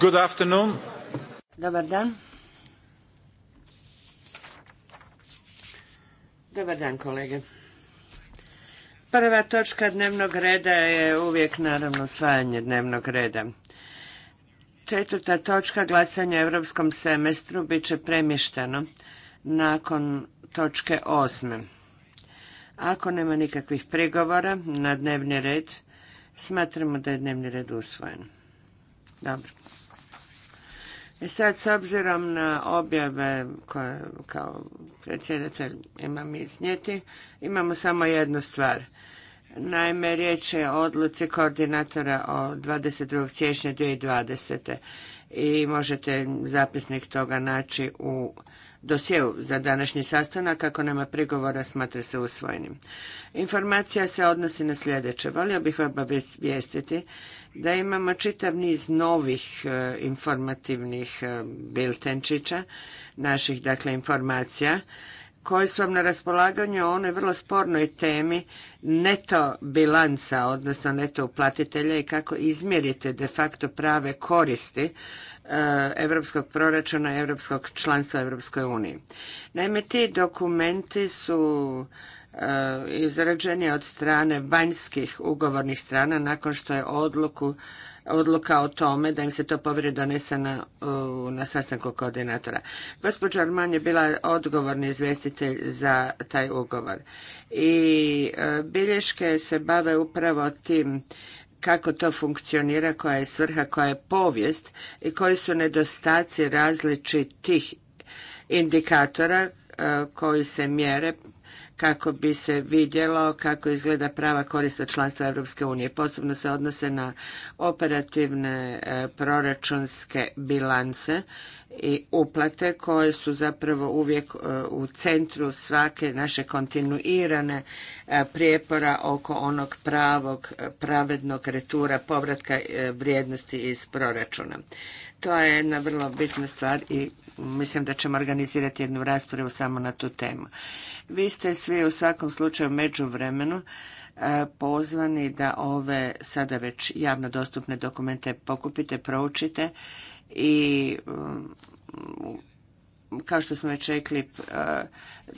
Good afternoon. Dobar dan. kolege. Prva točka dnevnog reda je uvijek, naravno, usvajanje dnevnog reda. Četvrta točka glasanja o europskom semestru bit će premješteno nakon točke osme. Ako nema nikakvih prigovora na dnevni red, smatramo da je dnevni red usvojen. Dobro. E sad, s obzirom na objave koje kao predsjedatelj imam iznijeti, imamo samo jednu stvar. Naime, riječ je o odluci koordinatora od 22. siječnja 2020. I možete zapisnik toga naći u dosjeu za današnji sastanak. Ako nema prigovora, smatra se usvojenim. Informacija se odnosi na sljedeće. Volio bih vam obavijestiti da imamo čitav niz novih e, informativnih e, biltenčića, naših dakle informacija, koji su vam na raspolaganju o onoj vrlo spornoj temi neto bilanca, odnosno neto uplatitelja i kako izmjerite de facto prave koristi europskog proračuna, europskog članstva Evropskoj uniji. Naime, ti dokumenti su E, je od strane vanjskih ugovornih strana nakon što je odluku, odluka o tome da im se to povjeri donesena na sastanku koordinatora. Gospođa Arman je bila odgovorni izvjestitelj za taj ugovor. I e, bilješke se bave upravo tim kako to funkcionira, koja je svrha, koja je povijest i koji su nedostaci različitih indikatora e, koji se mjere kako bi se vidjelo kako izgleda prava korista članstva Europske unije. Posebno se odnose na operativne e, proračunske bilance i uplate koje su zapravo uvijek e, u centru svake naše kontinuirane e, prijepora oko onog pravog, pravednog retura povratka vrijednosti iz proračuna. To je jedna vrlo bitna stvar i mislim da ćemo organizirati jednu raspravu samo na tu temu. Vi ste svi u svakom slučaju među vremenu e, pozvani da ove sada već javno dostupne dokumente pokupite, proučite i mm, kao što smo već rekli, e,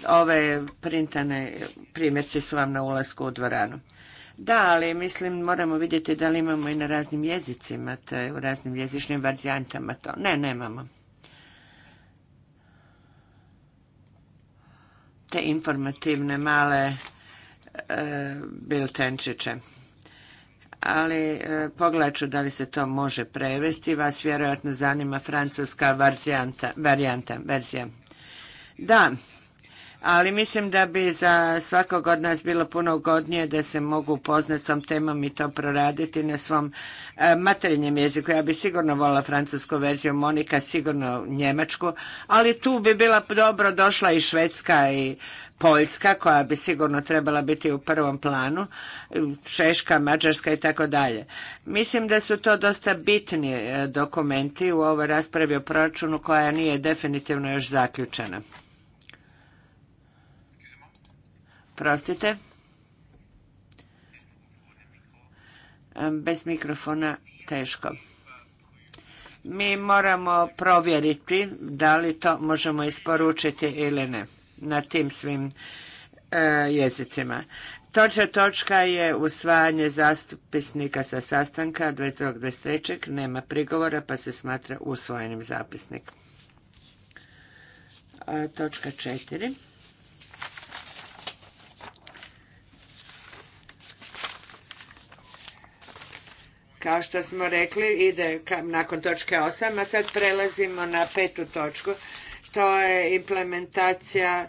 ove printane primjerci su vam na ulasku u dvoranu. Da, ali mislim moramo vidjeti da li imamo i na raznim jezicima, te u raznim jezičnim varijantama to. Ne, nemamo. te informativne male e, biltenčiće. Ali e, pogledat ću da li se to može prevesti. Vas vjerojatno zanima francuska varijanta. varijanta verzija. Da, ali mislim da bi za svakog od nas bilo puno ugodnije da se mogu upoznati s tom temom i to proraditi na svom e, materinjem jeziku. Ja bi sigurno volila francusku verziju, Monika sigurno njemačku, ali tu bi bila dobro došla i švedska i Poljska koja bi sigurno trebala biti u prvom planu, Češka, Mađarska i tako dalje. Mislim da su to dosta bitni e, dokumenti u ovoj raspravi o proračunu koja nije definitivno još zaključena. Prostite. Bez mikrofona teško. Mi moramo provjeriti da li to možemo isporučiti ili ne na tim svim e, jezicima. Točka točka je usvajanje zastupisnika sa sastanka 22.23. Nema prigovora pa se smatra usvojenim zapisnik. E, točka četiri. Kao što smo rekli, ide nakon točke 8, a sad prelazimo na petu točku. To je implementacija e,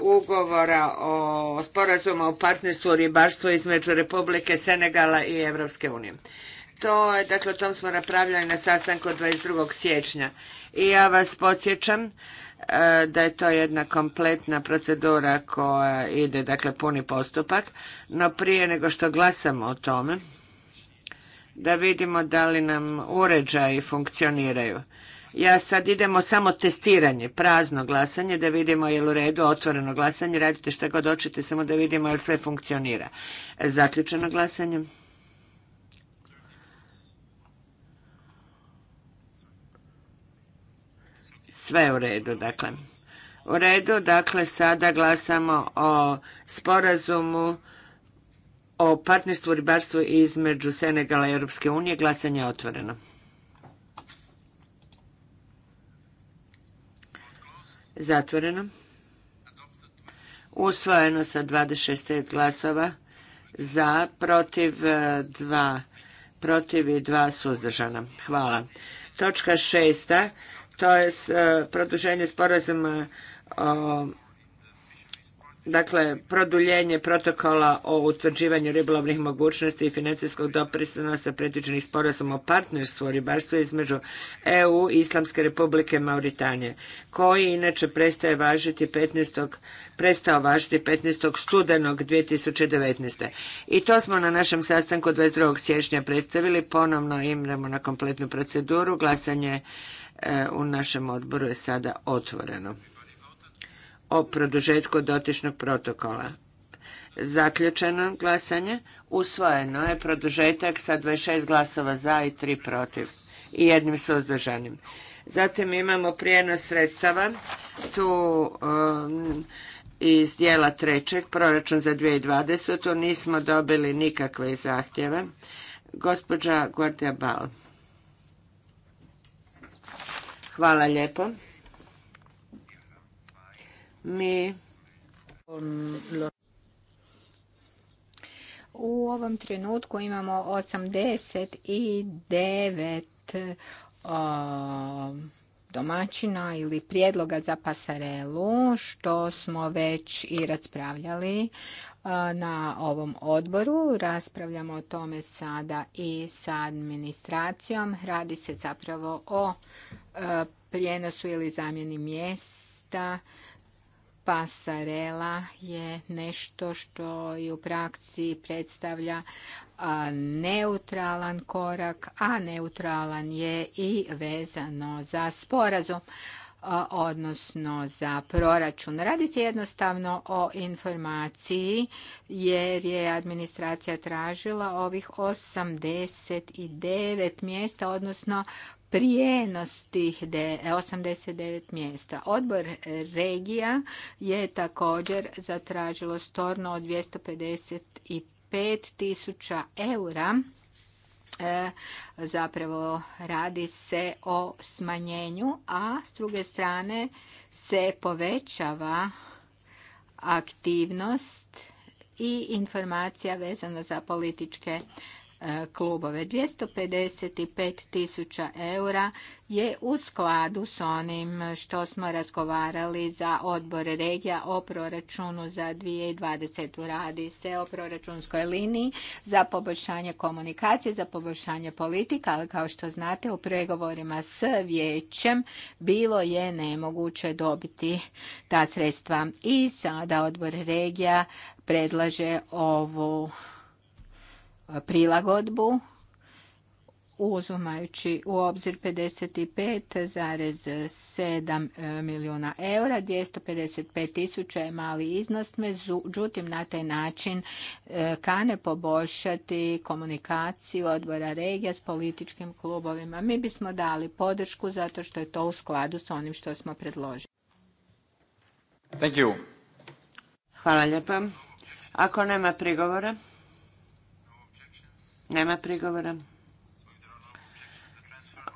ugovora o sporazumu o partnerstvu u ribarstvu između Republike Senegala i Evropske unije. To je, dakle, o tom smo napravljali na sastanku 22. siječnja. I ja vas podsjećam e, da je to jedna kompletna procedura koja ide, dakle, puni postupak. No prije nego što glasamo o tome, da vidimo da li nam uređaji funkcioniraju. Ja sad idemo samo testiranje, prazno glasanje, da vidimo je li u redu, otvoreno glasanje, radite što god hoćete, samo da vidimo je sve funkcionira. Zaključeno glasanje. Sve je u redu, dakle. U redu, dakle, sada glasamo o sporazumu o partnerstvu u ribarstvu između Senegala i Europske unije. Glasanje je otvoreno. Zatvoreno. Usvojeno sa 26 glasova za, protiv dva protiv i dva suzdržana. Hvala. Točka šesta, to je eh, produženje sporazuma o dakle produljenje protokola o utvrđivanju ribolovnih mogućnosti i financijskog doprinosa predviđenih sporazuma o partnerstvu ribarstva između EU i Islamske republike Mauritanije, koji inače prestaje važiti 15. prestao važiti 15. studenog 2019. I to smo na našem sastanku 22. siječnja predstavili, ponovno imamo na kompletnu proceduru, glasanje e, u našem odboru je sada otvoreno o produžetku dotičnog protokola. Zaključeno glasanje. Usvojeno je produžetak sa 26 glasova za i 3 protiv i jednim suzdržanim. Zatim imamo prijenos sredstava tu um, iz dijela trećeg, proračun za 2020. Tu nismo dobili nikakve zahtjeve. Gospođa Gordija Bal. Hvala lijepo. Mi u ovom trenutku imamo 89 domaćina ili prijedloga za pasarelu, što smo već i raspravljali na ovom odboru. Raspravljamo o tome sada i sa administracijom. Radi se zapravo o prijenosu ili zamjeni mjesta pasarela je nešto što i u praksi predstavlja neutralan korak, a neutralan je i vezano za sporazum odnosno za proračun. Radi se jednostavno o informaciji jer je administracija tražila ovih 89 mjesta, odnosno prijenos tih 89 e, mjesta. Odbor regija je također zatražilo storno od 255 tisuća eura e, zapravo radi se o smanjenju, a s druge strane se povećava aktivnost i informacija vezano za političke E, klubove. 255 tisuća eura je u skladu s onim što smo razgovarali za odbor regija o proračunu za 2020. Radi se o proračunskoj liniji za poboljšanje komunikacije, za poboljšanje politika, ali kao što znate u pregovorima s vijećem bilo je nemoguće dobiti ta sredstva. I sada odbor regija predlaže ovu prilagodbu uzimajući u obzir 55,7 e, milijuna eura, 255 tisuća je mali iznos, međutim na taj način e, kane poboljšati komunikaciju odbora regija s političkim klubovima. Mi bismo dali podršku zato što je to u skladu s onim što smo predložili. Thank you. Hvala lijepa. Ako nema prigovora... Nema prigovora.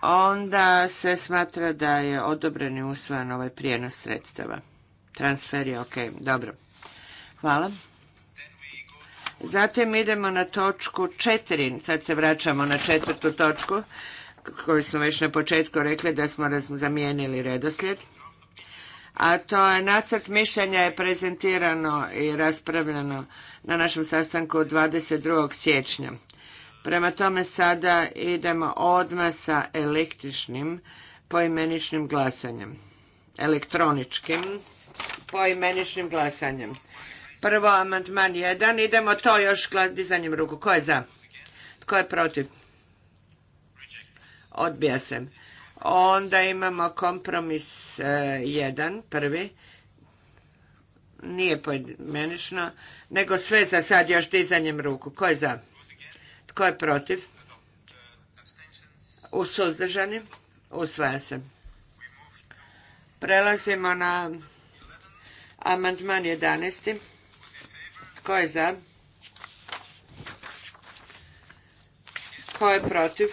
Onda se smatra da je odobren i usvojen ovaj prijenos sredstava. Transfer je ok, dobro. Hvala. Zatim idemo na točku četiri. Sad se vraćamo na četvrtu točku koju smo već na početku rekli da smo zamijenili redoslijed. A to je nacrt mišljenja je prezentirano i raspravljeno na našem sastanku 22. siječnja Prema tome sada idemo odmah sa električnim poimeničnim glasanjem. Elektroničkim poimeničnim glasanjem. Prvo amandman 1. Idemo to još dizanjem ruku. Ko je za? Ko je protiv? Odbija se. Onda imamo kompromis 1. E, prvi. Nije poimenično. Nego sve za sad još dizanjem ruku. Ko je za? Tko je protiv? U suzdržani? Usvaja se. Prelazimo na amandman 11. Tko je za? Tko je protiv?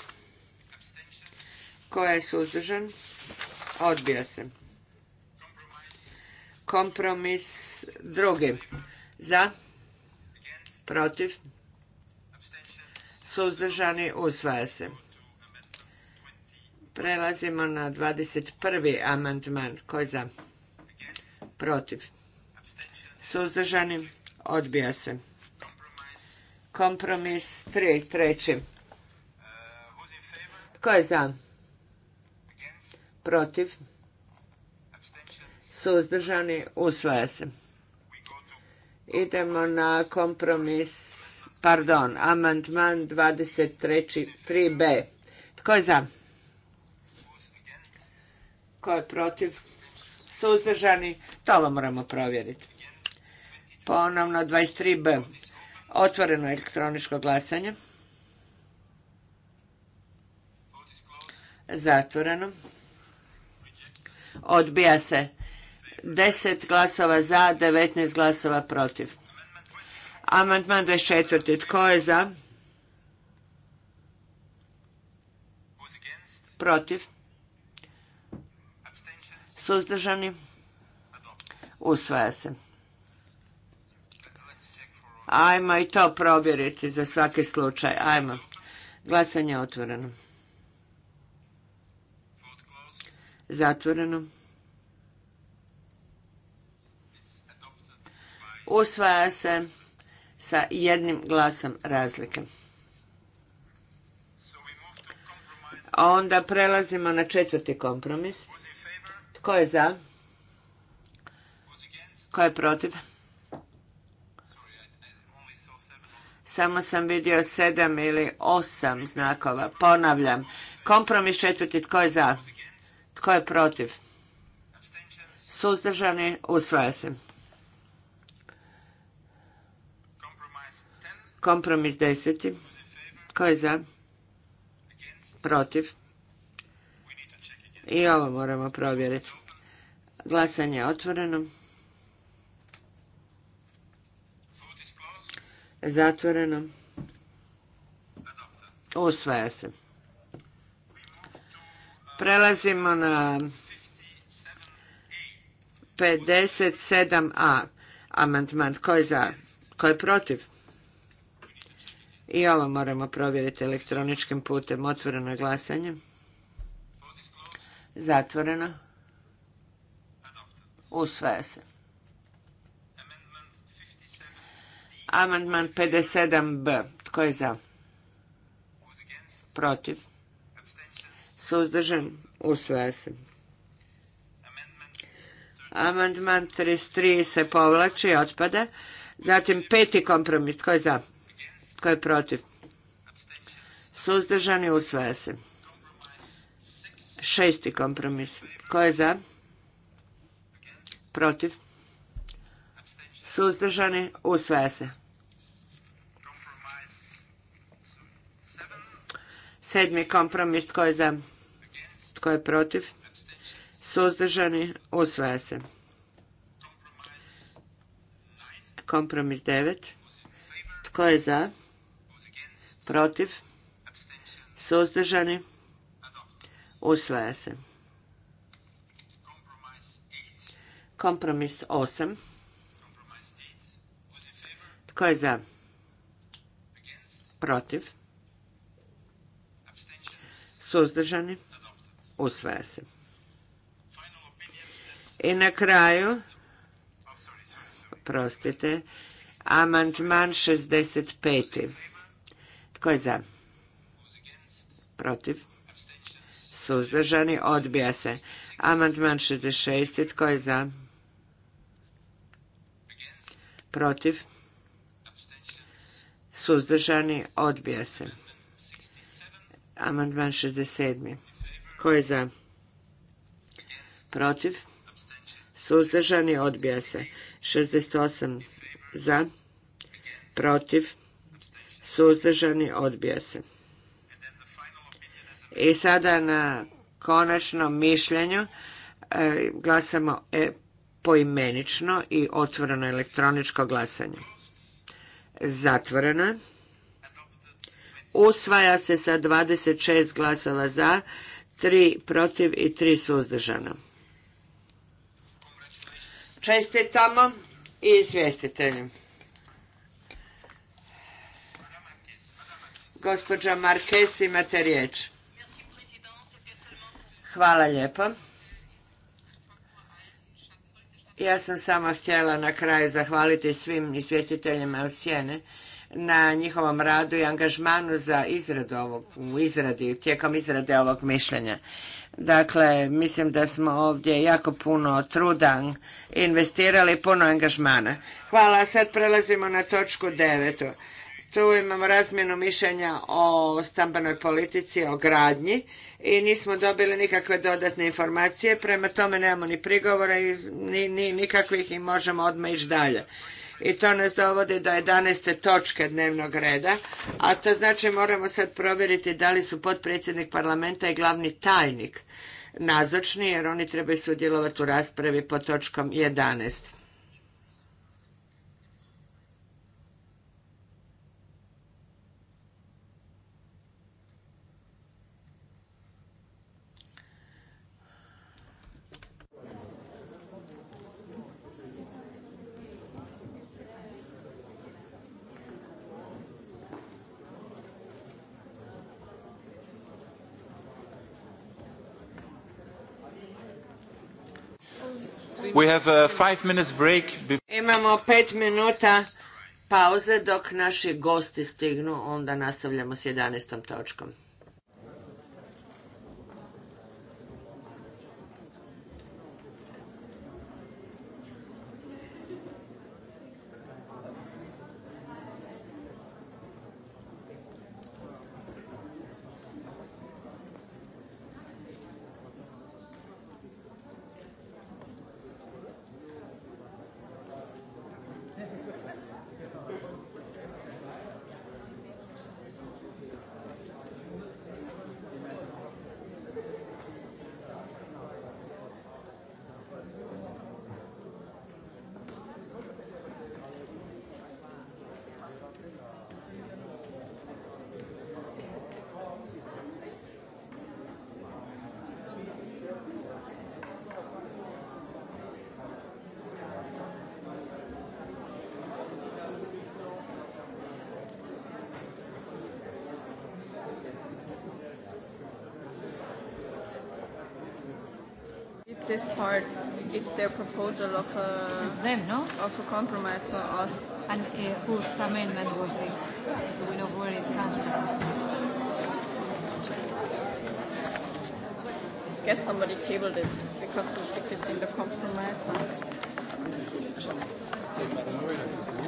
Tko je suzdržan? Odbija se. Kompromis drugi. Za? Protiv? suzdržani, usvaja se. Prelazimo na 21. amandman. Ko je za? Protiv. Suzdržani, odbija se. Kompromis 3, treći. Ko je za? Protiv. Suzdržani, usvaja se. Idemo na kompromis pardon, amandman 23. b Tko je za? Tko je protiv? Suzdržani? To vam moramo provjeriti. Ponovno 23b. Otvoreno elektroničko glasanje. Zatvoreno. Odbija se. 10 glasova za, 19 glasova protiv. Amandman 24. Tko je za? Protiv? Suzdržani? Usvaja se. Ajmo i to provjeriti za svaki slučaj. Ajmo. Glasanje je otvoreno. Zatvoreno. Usvaja se sa jednim glasom razlike. Onda prelazimo na četvrti kompromis. Tko je za? Tko je protiv? Samo sam vidio sedam ili osam znakova. Ponavljam. Kompromis četvrti. Tko je za? Tko je protiv? Suzdržani. Usvaja se. Kompromis deseti. Ko je za? Protiv? I ovo moramo provjeriti. Glasanje je otvoreno. Zatvoreno. Usvaja se. Prelazimo na 57a. Amandman. Ko je za? Ko je protiv? I ovo moramo provjeriti elektroničkim putem. Otvoreno glasanje. Zatvoreno. Usvaja se. Amandman 57b. Tko je za? Protiv. Suzdržan. Usvaja se. Amandman 33 se povlači, otpada. Zatim peti kompromis. Tko je za? Tko je protiv? Suzdržani usvaja se. Šesti kompromis. Tko je za? Protiv? Suzdržani usvaja se. Sedmi kompromis. Tko je za? Tko je protiv? Suzdržani usvaja se. Kompromis devet. Tko je za? protiv, suzdržani, usvaja se. Kompromis 8. Tko je za? Protiv. Suzdržani. Usvaja se. I na kraju, prostite, amantman 65. Tko je za? Protiv? Suzdržani? Odbija se. Amandman 66. Tko je za? Protiv? Suzdržani? Odbija se. Amandman 67. Tko je za? Protiv? Suzdržani? Odbija se. 68. Za? Protiv? suzdržani, odbija se. I sada na konačnom mišljenju e, glasamo e, poimenično i otvoreno elektroničko glasanje. Zatvoreno. Usvaja se sa 26 glasova za, 3 protiv i 3 suzdržana. Čestitamo i izvjestitelju. Gospođa Marques, imate riječ. Hvala lijepo. Ja sam samo htjela na kraju zahvaliti svim izvjestiteljima u sjene na njihovom radu i angažmanu za izradu ovog, u izradi, tijekom izrade ovog mišljenja. Dakle, mislim da smo ovdje jako puno truda investirali, puno angažmana. Hvala, sad prelazimo na točku devetu. Tu imamo razmjenu mišljenja o stambenoj politici, o gradnji i nismo dobili nikakve dodatne informacije, prema tome nemamo ni prigovora ni, nikakvih i možemo odmah ići dalje. I to nas dovodi do 11. točke dnevnog reda, a to znači moramo sad provjeriti da li su potpredsjednik parlamenta i glavni tajnik nazočni, jer oni trebaju sudjelovati u raspravi po točkom 11. We minutes break. Imamo pet minuta pauze dok naši gosti stignu, onda nastavljamo s 11. točkom. their proposal of a, them, no? of a compromise for us. And uh, whose amendment was this? Do we know where it comes from? I guess somebody tabled it because it's in the compromise. And...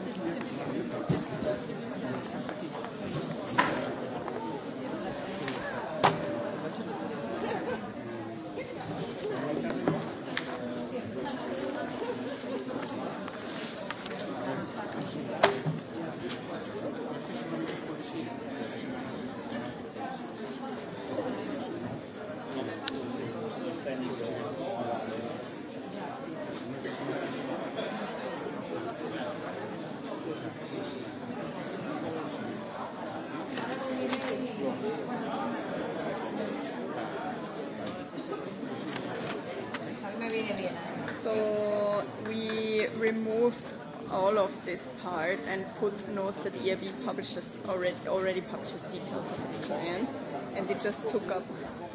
put notes that EIB e publishes already already publishes details of its clients, and it just took up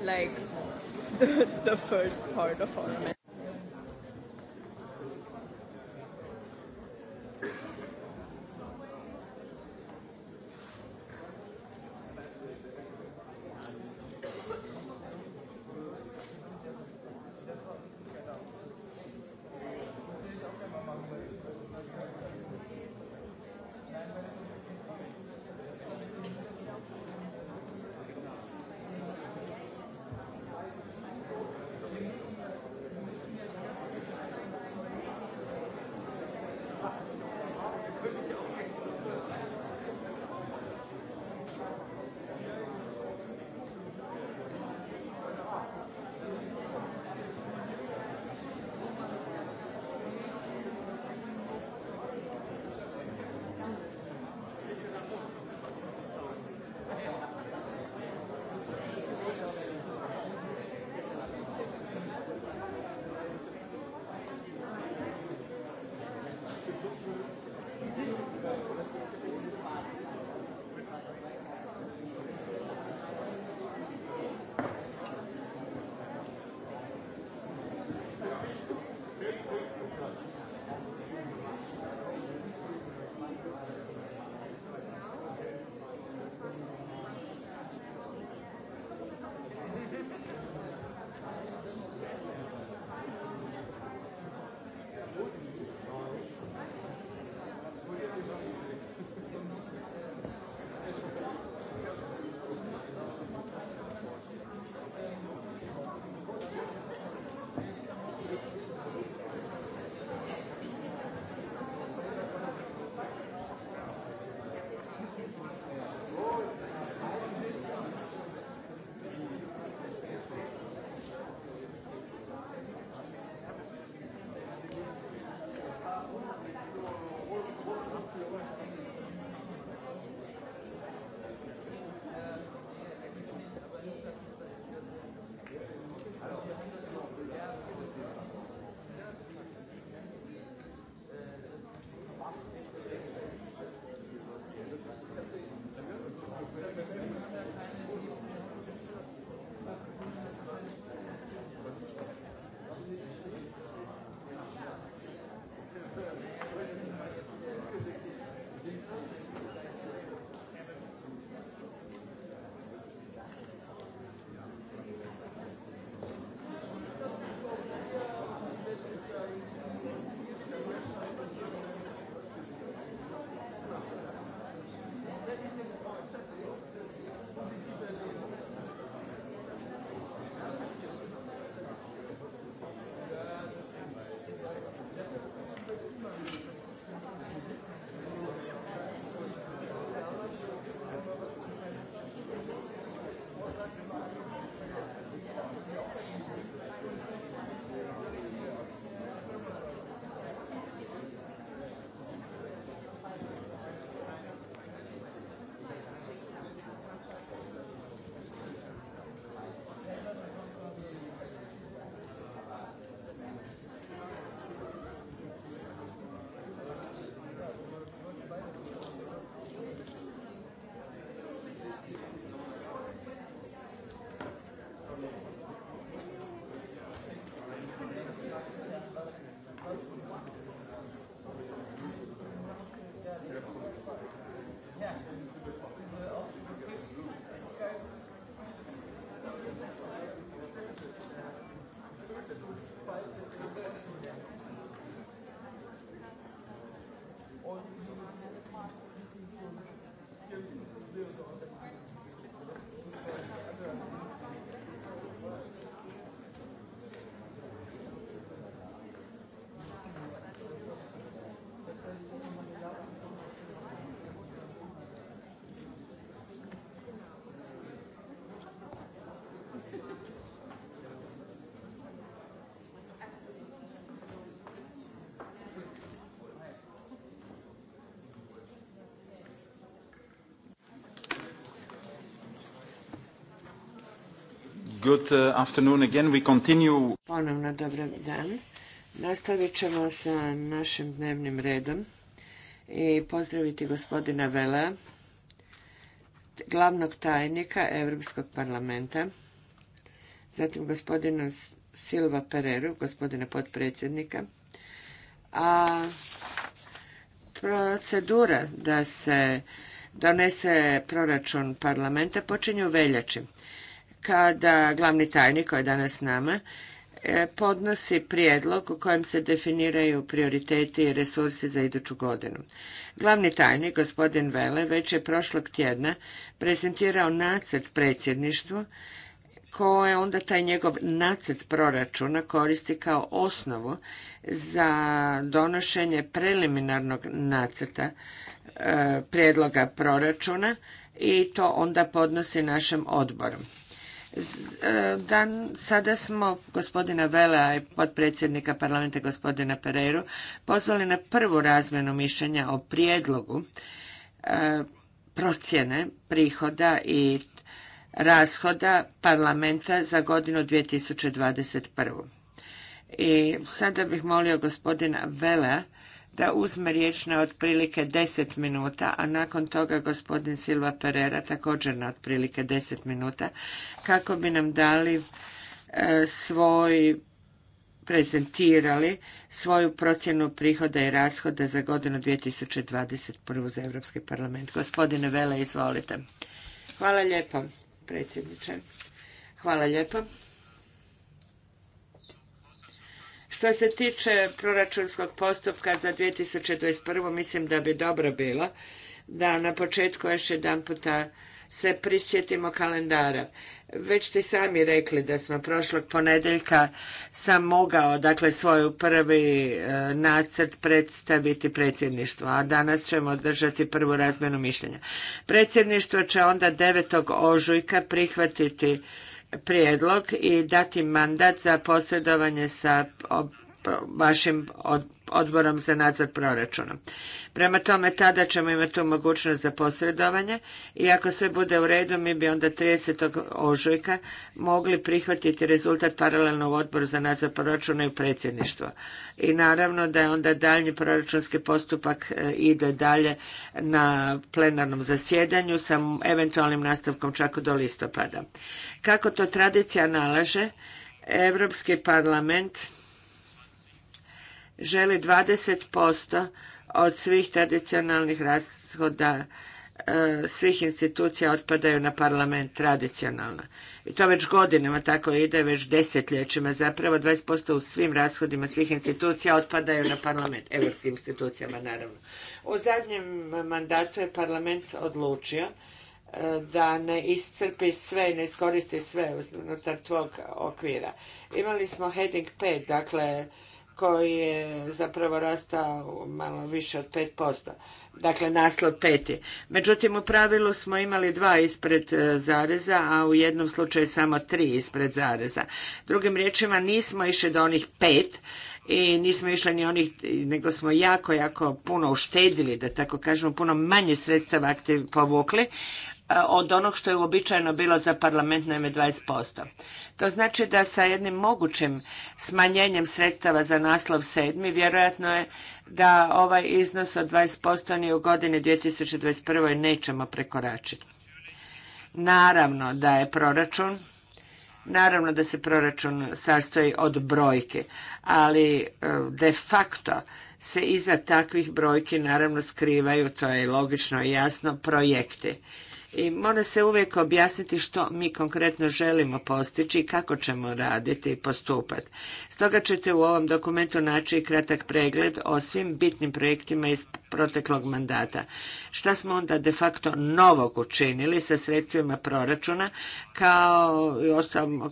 like the, the first part of our Good uh, afternoon again. We continue. Ponovno dobar dan. Nastavit ćemo sa našim dnevnim redom i pozdraviti gospodina Vela, glavnog tajnika Europskog parlamenta, zatim gospodina Silva Pereru, gospodina potpredsjednika, a procedura da se donese proračun parlamenta počinje u veljači kada glavni tajnik koji je danas s nama e, podnosi prijedlog u kojem se definiraju prioriteti i resursi za iduću godinu. Glavni tajnik, gospodin Vele, već je prošlog tjedna prezentirao nacrt predsjedništvu koje onda taj njegov nacrt proračuna koristi kao osnovu za donošenje preliminarnog nacrta e, prijedloga proračuna i to onda podnosi našem odboru. E, dan, sada smo gospodina Vela i potpredsjednika parlamenta gospodina Pereiru pozvali na prvu razmenu mišljenja o prijedlogu e, procjene prihoda i rashoda parlamenta za godinu 2021. I sada bih molio gospodina Vela da uzme riječ na otprilike deset minuta, a nakon toga gospodin Silva Perera također na otprilike deset minuta, kako bi nam dali e, svoj prezentirali svoju procjenu prihoda i rashoda za godinu 2021. za Europski parlament. Gospodine Vele, izvolite. Hvala lijepo, predsjedniče. Hvala lijepo. Što se tiče proračunskog postupka za 2021. mislim da bi dobro bilo da na početku još jedan puta se prisjetimo kalendara. Već ste sami rekli da smo prošlog ponedeljka sam mogao, dakle, svoj prvi e, nacrt predstaviti predsjedništvu, a danas ćemo održati prvu razmenu mišljenja. Predsjedništvo će onda 9. ožujka prihvatiti prijedlog i dati mandat za posredovanje sa vašim odborom za nadzor proračuna. Prema tome, tada ćemo imati tu mogućnost za posredovanje i ako sve bude u redu, mi bi onda 30. ožujka mogli prihvatiti rezultat paralelno u odboru za nadzor proračuna i u predsjedništvo. I naravno da je onda daljnji proračunski postupak e, ide dalje na plenarnom zasjedanju sa eventualnim nastavkom čak do listopada. Kako to tradicija nalaže, Europski parlament želi 20% od svih tradicionalnih rashoda e, svih institucija otpadaju na parlament tradicionalno. I to već godinama tako ide, već desetljećima zapravo, 20% u svim rashodima svih institucija otpadaju na parlament, evropskim institucijama naravno. U zadnjem mandatu je parlament odlučio e, da ne iscrpi sve i ne iskoristi sve unutar tvog okvira. Imali smo heading 5, dakle koji je zapravo rastao malo više od 5%. Dakle, naslov peti. Međutim, u pravilu smo imali dva ispred e, zareza, a u jednom slučaju samo tri ispred zareza. Drugim riječima, nismo išli do onih pet, i nismo išli ni onih, nego smo jako, jako puno uštedili, da tako kažemo, puno manje sredstava aktiv povukli, od onog što je uobičajeno bilo za parlament, naime 20%. To znači da sa jednim mogućim smanjenjem sredstava za naslov sedmi, vjerojatno je da ovaj iznos od 20% ni u godini 2021. nećemo prekoračiti. Naravno da je proračun Naravno da se proračun sastoji od brojke, ali e, de facto se iza takvih brojki naravno skrivaju, to je logično i jasno, projekti i mora se uvijek objasniti što mi konkretno želimo postići i kako ćemo raditi i postupati. Stoga ćete u ovom dokumentu naći kratak pregled o svim bitnim projektima iz proteklog mandata. Šta smo onda de facto novog učinili sa sredstvima proračuna kao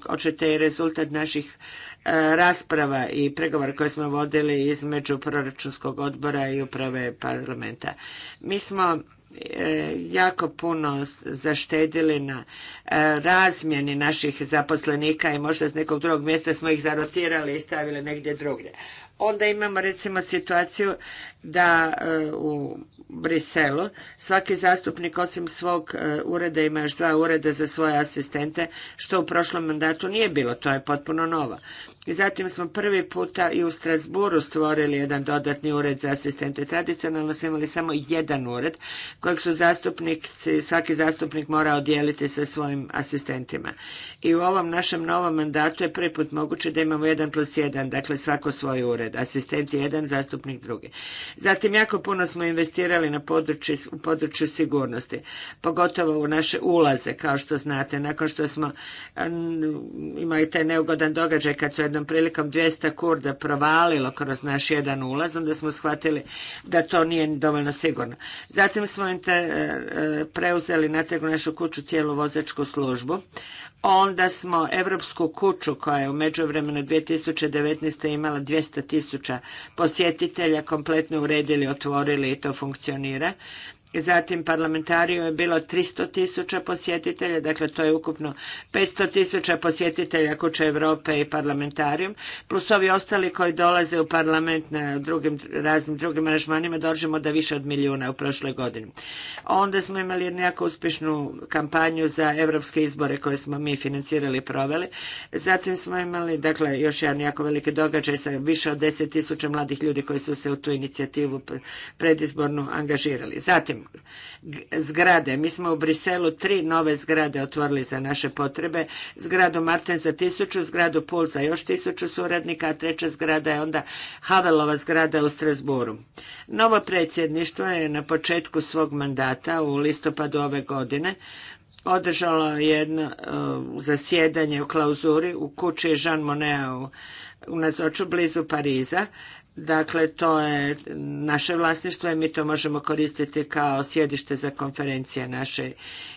očete i rezultat naših e, rasprava i pregovora koje smo vodili između proračunskog odbora i uprave parlamenta. Mi smo E, jako puno zaštedili na e, razmjeni naših zaposlenika i možda s nekog drugog mjesta smo ih zarotirali i stavili negdje drugdje. Onda imamo recimo situaciju da e, u Briselu svaki zastupnik osim svog e, ureda ima još dva ureda za svoje asistente, što u prošlom mandatu nije bilo, to je potpuno novo. I zatim smo prvi puta i u Strasburu stvorili jedan dodatni ured za asistente. Tradicionalno smo imali samo jedan ured kojeg su zastupnici, svaki zastupnik morao dijeliti sa svojim asistentima. I u ovom našem novom mandatu je prvi put moguće da imamo jedan plus jedan, dakle svako svoj ured. Asistent jedan, zastupnik drugi. Zatim, jako puno smo investirali na području, u području sigurnosti, pogotovo u naše ulaze, kao što znate, nakon što smo imali taj neugodan događaj kad su jednom prilikom 200 kurda provalilo kroz naš jedan ulaz, onda smo shvatili da to nije dovoljno sigurno. Zatim smo e, e, preuzeli na u našu kuću cijelu vozačku službu, Onda smo Europsku kuću koja je u međuvremenu 2019. imala 200.000 tisuća posjetitelja kompletno uredili, otvorili i to funkcionira. Zatim parlamentariju je bilo 300 tisuća posjetitelja, dakle to je ukupno 500 tisuća posjetitelja Kuće Europe i parlamentarijum, plus ovi ostali koji dolaze u parlament na drugim, raznim drugim aranžmanima, dođemo da više od milijuna u prošloj godini. Onda smo imali jednu jako uspješnu kampanju za evropske izbore koje smo mi financirali i proveli. Zatim smo imali, dakle, još jedan jako veliki događaj sa više od 10 tisuća mladih ljudi koji su se u tu inicijativu predizbornu angažirali. Zatim, zgrade. Mi smo u Briselu tri nove zgrade otvorili za naše potrebe. Zgradu Marten za tisuću, zgradu Pul za još tisuću suradnika, a treća zgrada je onda Havelova zgrada u Strasburu. Novo predsjedništvo je na početku svog mandata u listopadu ove godine održalo jedno uh, zasjedanje u klauzuri u kući Jean Monnet u, u nazoču blizu Pariza Dakle, to je naše vlasništvo i mi to možemo koristiti kao sjedište za konferencije naše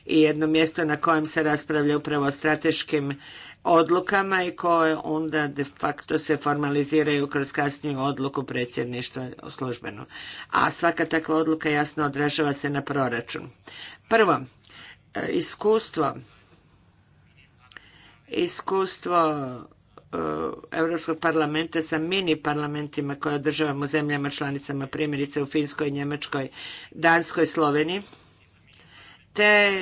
i jedno mjesto na kojem se raspravlja upravo o strateškim odlukama i koje onda de facto se formaliziraju kroz kasniju odluku predsjedništva službenu. A svaka takva odluka jasno odražava se na proračun. Prvo, e, iskustvo iskustvo Eh, Europskog parlamenta sa mini parlamentima koje održavamo zemljama članicama, primjerice u Finskoj, Njemačkoj, Danskoj, Sloveniji. Te,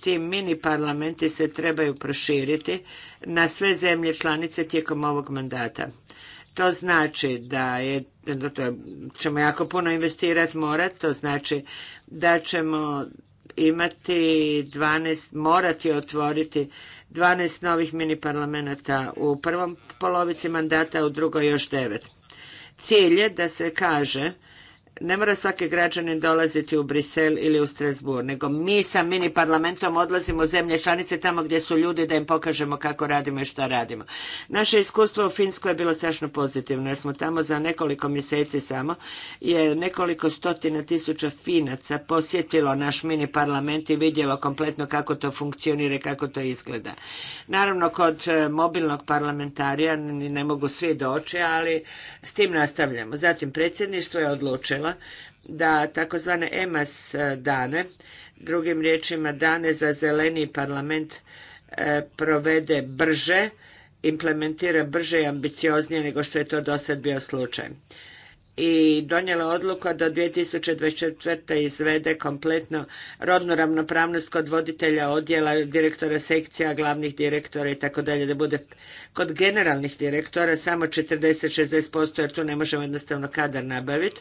ti mini parlamenti se trebaju proširiti na sve zemlje članice tijekom ovog mandata. To znači da je, to ćemo jako puno investirati morati, to znači da ćemo imati 12, morati otvoriti 12 novih mini parlamenta u prvom polovici mandata, u drugoj još devet. Cilj je da se kaže ne mora svaki građanin dolaziti u Brisel ili u Strasbourg, nego mi sa mini parlamentom odlazimo u zemlje članice tamo gdje su ljudi da im pokažemo kako radimo i šta radimo. Naše iskustvo u Finskoj je bilo strašno pozitivno jer smo tamo za nekoliko mjeseci samo je nekoliko stotina tisuća Finaca posjetilo naš mini parlament i vidjelo kompletno kako to funkcionira i kako to izgleda. Naravno, kod e, mobilnog parlamentarija ne mogu svi doći, ali s tim nastavljamo. Zatim predsjedništvo je odlučilo da takozvane EMAS e, dane, drugim riječima dane za zeleni parlament e, provede brže, implementira brže i ambicioznije nego što je to do sad bio slučaj. I donijela odluku da 2024. izvede kompletno rodnu ravnopravnost kod voditelja odjela, direktora sekcija, glavnih direktora i tako dalje, da bude kod generalnih direktora samo 40-60% jer tu ne možemo jednostavno kadar nabaviti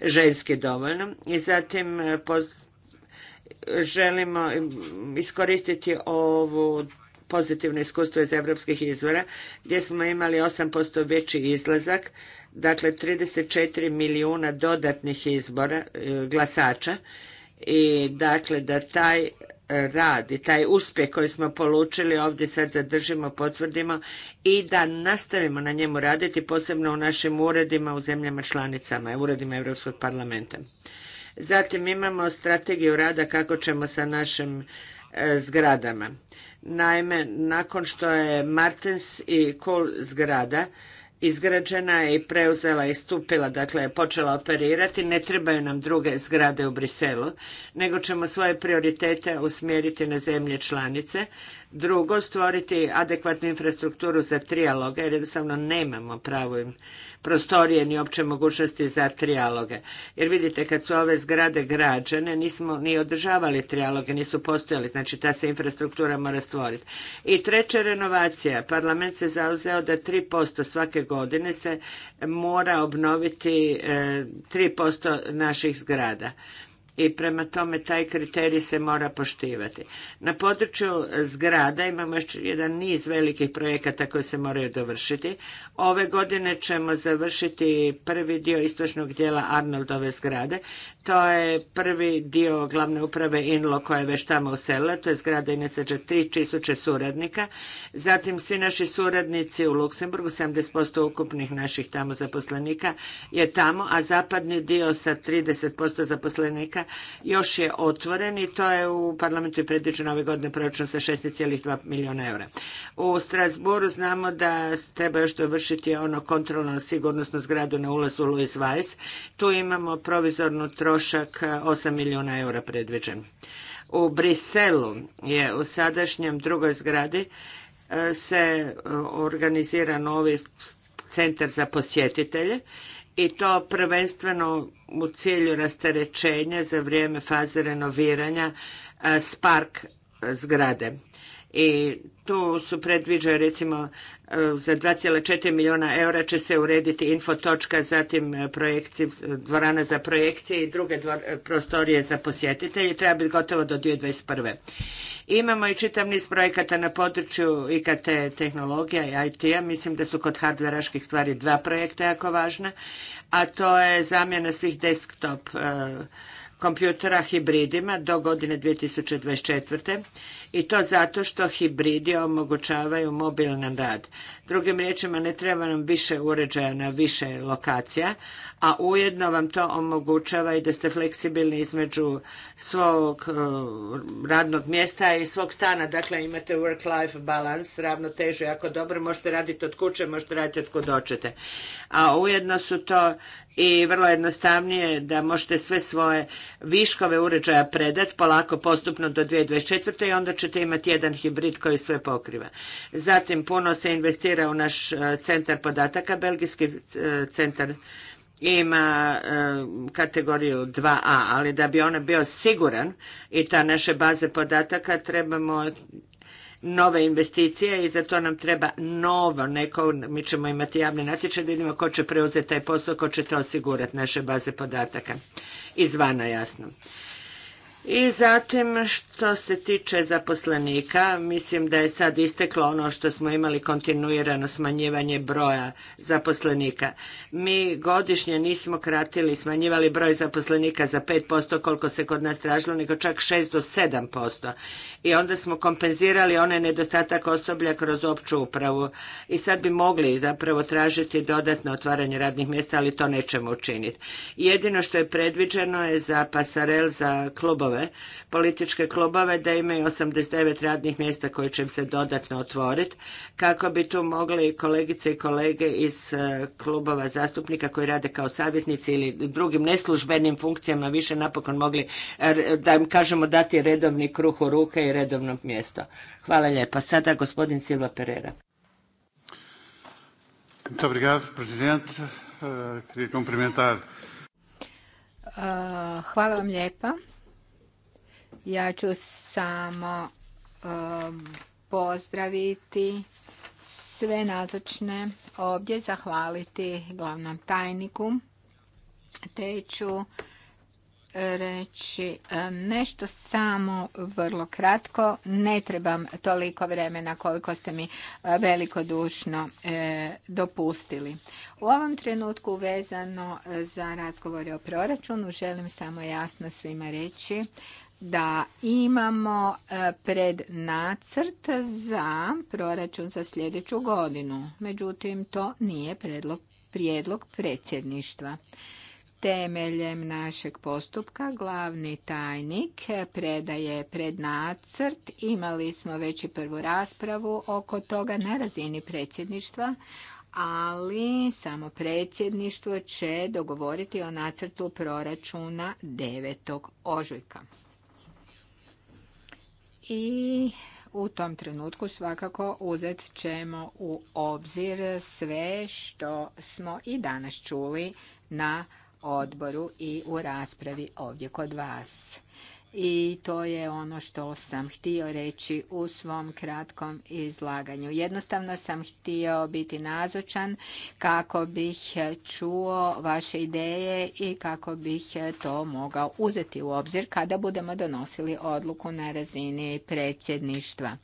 ženski dovoljno. I zatim eh, želimo iskoristiti ovu pozitivno iskustvo iz europskih izvora gdje smo imali 8% veći izlazak, dakle 34 milijuna dodatnih izbora eh, glasača i dakle da taj rad i taj uspjeh koji smo polučili ovdje sad zadržimo, potvrdimo i da nastavimo na njemu raditi, posebno u našim uredima u zemljama članicama, uredima Europskog parlamenta. Zatim imamo strategiju rada kako ćemo sa našim e, zgradama. Naime, nakon što je Martens i Kohl zgrada izgrađena je i preuzela i stupila, dakle je počela operirati, ne trebaju nam druge zgrade u Briselu, nego ćemo svoje prioritete usmjeriti na zemlje članice. Drugo, stvoriti adekvatnu infrastrukturu za trijaloge, jer jednostavno nemamo pravu prostorije ni opće mogućnosti za trijaloge. Jer vidite, kad su ove zgrade građene, nismo ni održavali trijaloge, nisu postojali, znači ta se infrastruktura mora stvoriti. I treća renovacija. Parlament se zauzeo da 3% svake godine se mora obnoviti 3% e, naših zgrada i prema tome taj kriterij se mora poštivati. Na području zgrada imamo još jedan niz velikih projekata koji se moraju dovršiti. Ove godine ćemo završiti prvi dio istočnog dijela Arnoldove zgrade. To je prvi dio glavne uprave INLO koja je već tamo uselila. To je zgrada tri 3000 suradnika. Zatim svi naši suradnici u Luksemburgu, 70% ukupnih naših tamo zaposlenika je tamo, a zapadni dio sa 30% zaposlenika još je otvoren i to je u parlamentu i predviđeno ove godine proračun sa 16,2 milijuna eura. U Strasburu znamo da treba još dovršiti ono kontrolno sigurnosnu zgradu na ulazu Louis Weiss. Tu imamo provizornu trošak 8 e, milijuna eura predviđen. U Briselu je u sadašnjem drugoj zgradi e, se e, organizira novi centar za posjetitelje i to prvenstveno u cilju rasterećenja za vrijeme faze renoviranja Spark zgrade i tu su predviđa recimo e, za 2,4 milijuna eura će se urediti info točka, zatim e, dvorana za projekcije i druge e, prostorije za posjetitelje. Treba biti gotovo do 2021. Imamo i čitav niz projekata na području IKT tehnologija i IT-a. Mislim da su kod hardveraških stvari dva projekta jako važna, a to je zamjena svih desktop kompjutera hibridima do godine 2024 i to zato što hibridi omogućavaju mobilan rad. Drugim riječima ne treba nam više uređaja na više lokacija, a ujedno vam to omogućava i da ste fleksibilni između svog e, radnog mjesta i svog stana. Dakle, imate work-life balance, ravnotežu jako dobro, možete raditi od kuće, možete raditi od kud očete. A ujedno su to i vrlo jednostavnije da možete sve svoje viškove uređaja predati polako postupno do 2024. i onda ćete imati jedan hibrid koji sve pokriva. Zatim puno se investira u naš e, centar podataka, belgijski e, centar ima e, kategoriju 2A, ali da bi ona bio siguran i ta naše baze podataka trebamo nove investicije i za to nam treba novo neko, mi ćemo imati javni natječaj da vidimo ko će preuzeti taj posao, ko će to osigurati naše baze podataka. Izvana jasno. I zatim što se tiče zaposlenika, mislim da je sad isteklo ono što smo imali kontinuirano smanjivanje broja zaposlenika. Mi godišnje nismo kratili, smanjivali broj zaposlenika za 5% koliko se kod nas tražilo, nego čak 6 do 7%. I onda smo kompenzirali onaj nedostatak osoblja kroz opću upravu. I sad bi mogli zapravo tražiti dodatno otvaranje radnih mjesta, ali to nećemo učiniti. Jedino što je predviđeno je za pasarel za klubove ove političke klubove da imaju 89 radnih mjesta koje će im se dodatno otvoriti kako bi tu mogli kolegice i kolege iz e, klubova zastupnika koji rade kao savjetnici ili drugim neslužbenim funkcijama više napokon mogli e, da im kažemo dati redovni kruh u ruke i redovno mjesto. Hvala lijepa. Sada gospodin Silva Pereira. Eh, eh, hvala vam lijepa. Ja ću samo e, pozdraviti sve nazočne ovdje, zahvaliti glavnom tajniku, te ću reći e, nešto samo vrlo kratko. Ne trebam toliko vremena koliko ste mi e, velikodušno dopustili. U ovom trenutku vezano za razgovore o proračunu želim samo jasno svima reći da imamo e, pred nacrt za proračun za sljedeću godinu. Međutim, to nije prijedlog predsjedništva. Temeljem našeg postupka glavni tajnik predaje pred nacrt. Imali smo već i prvu raspravu oko toga na razini predsjedništva, ali samo predsjedništvo će dogovoriti o nacrtu proračuna 9. ožujka i u tom trenutku svakako uzet ćemo u obzir sve što smo i danas čuli na odboru i u raspravi ovdje kod vas i to je ono što sam htio reći u svom kratkom izlaganju. Jednostavno sam htio biti nazočan kako bih čuo vaše ideje i kako bih to mogao uzeti u obzir kada budemo donosili odluku na razini predsjedništva.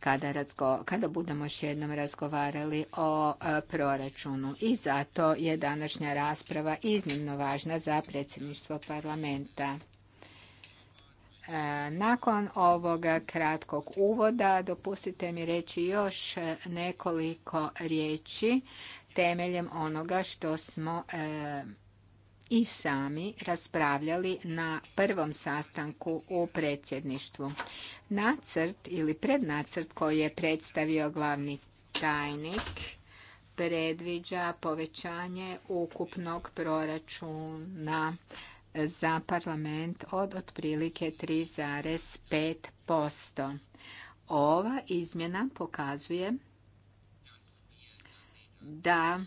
Kada, kada budemo još jednom razgovarali o e, proračunu. I zato je današnja rasprava iznimno važna za predsjedništvo parlamenta. Nakon ovoga kratkog uvoda dopustite mi reći još nekoliko riječi temeljem onoga što smo e, i sami raspravljali na prvom sastanku u predsjedništvu. Nacrt ili prednacrt koji je predstavio glavni tajnik predviđa povećanje ukupnog proračuna za parlament od otprilike 3,5%. Ova izmjena pokazuje da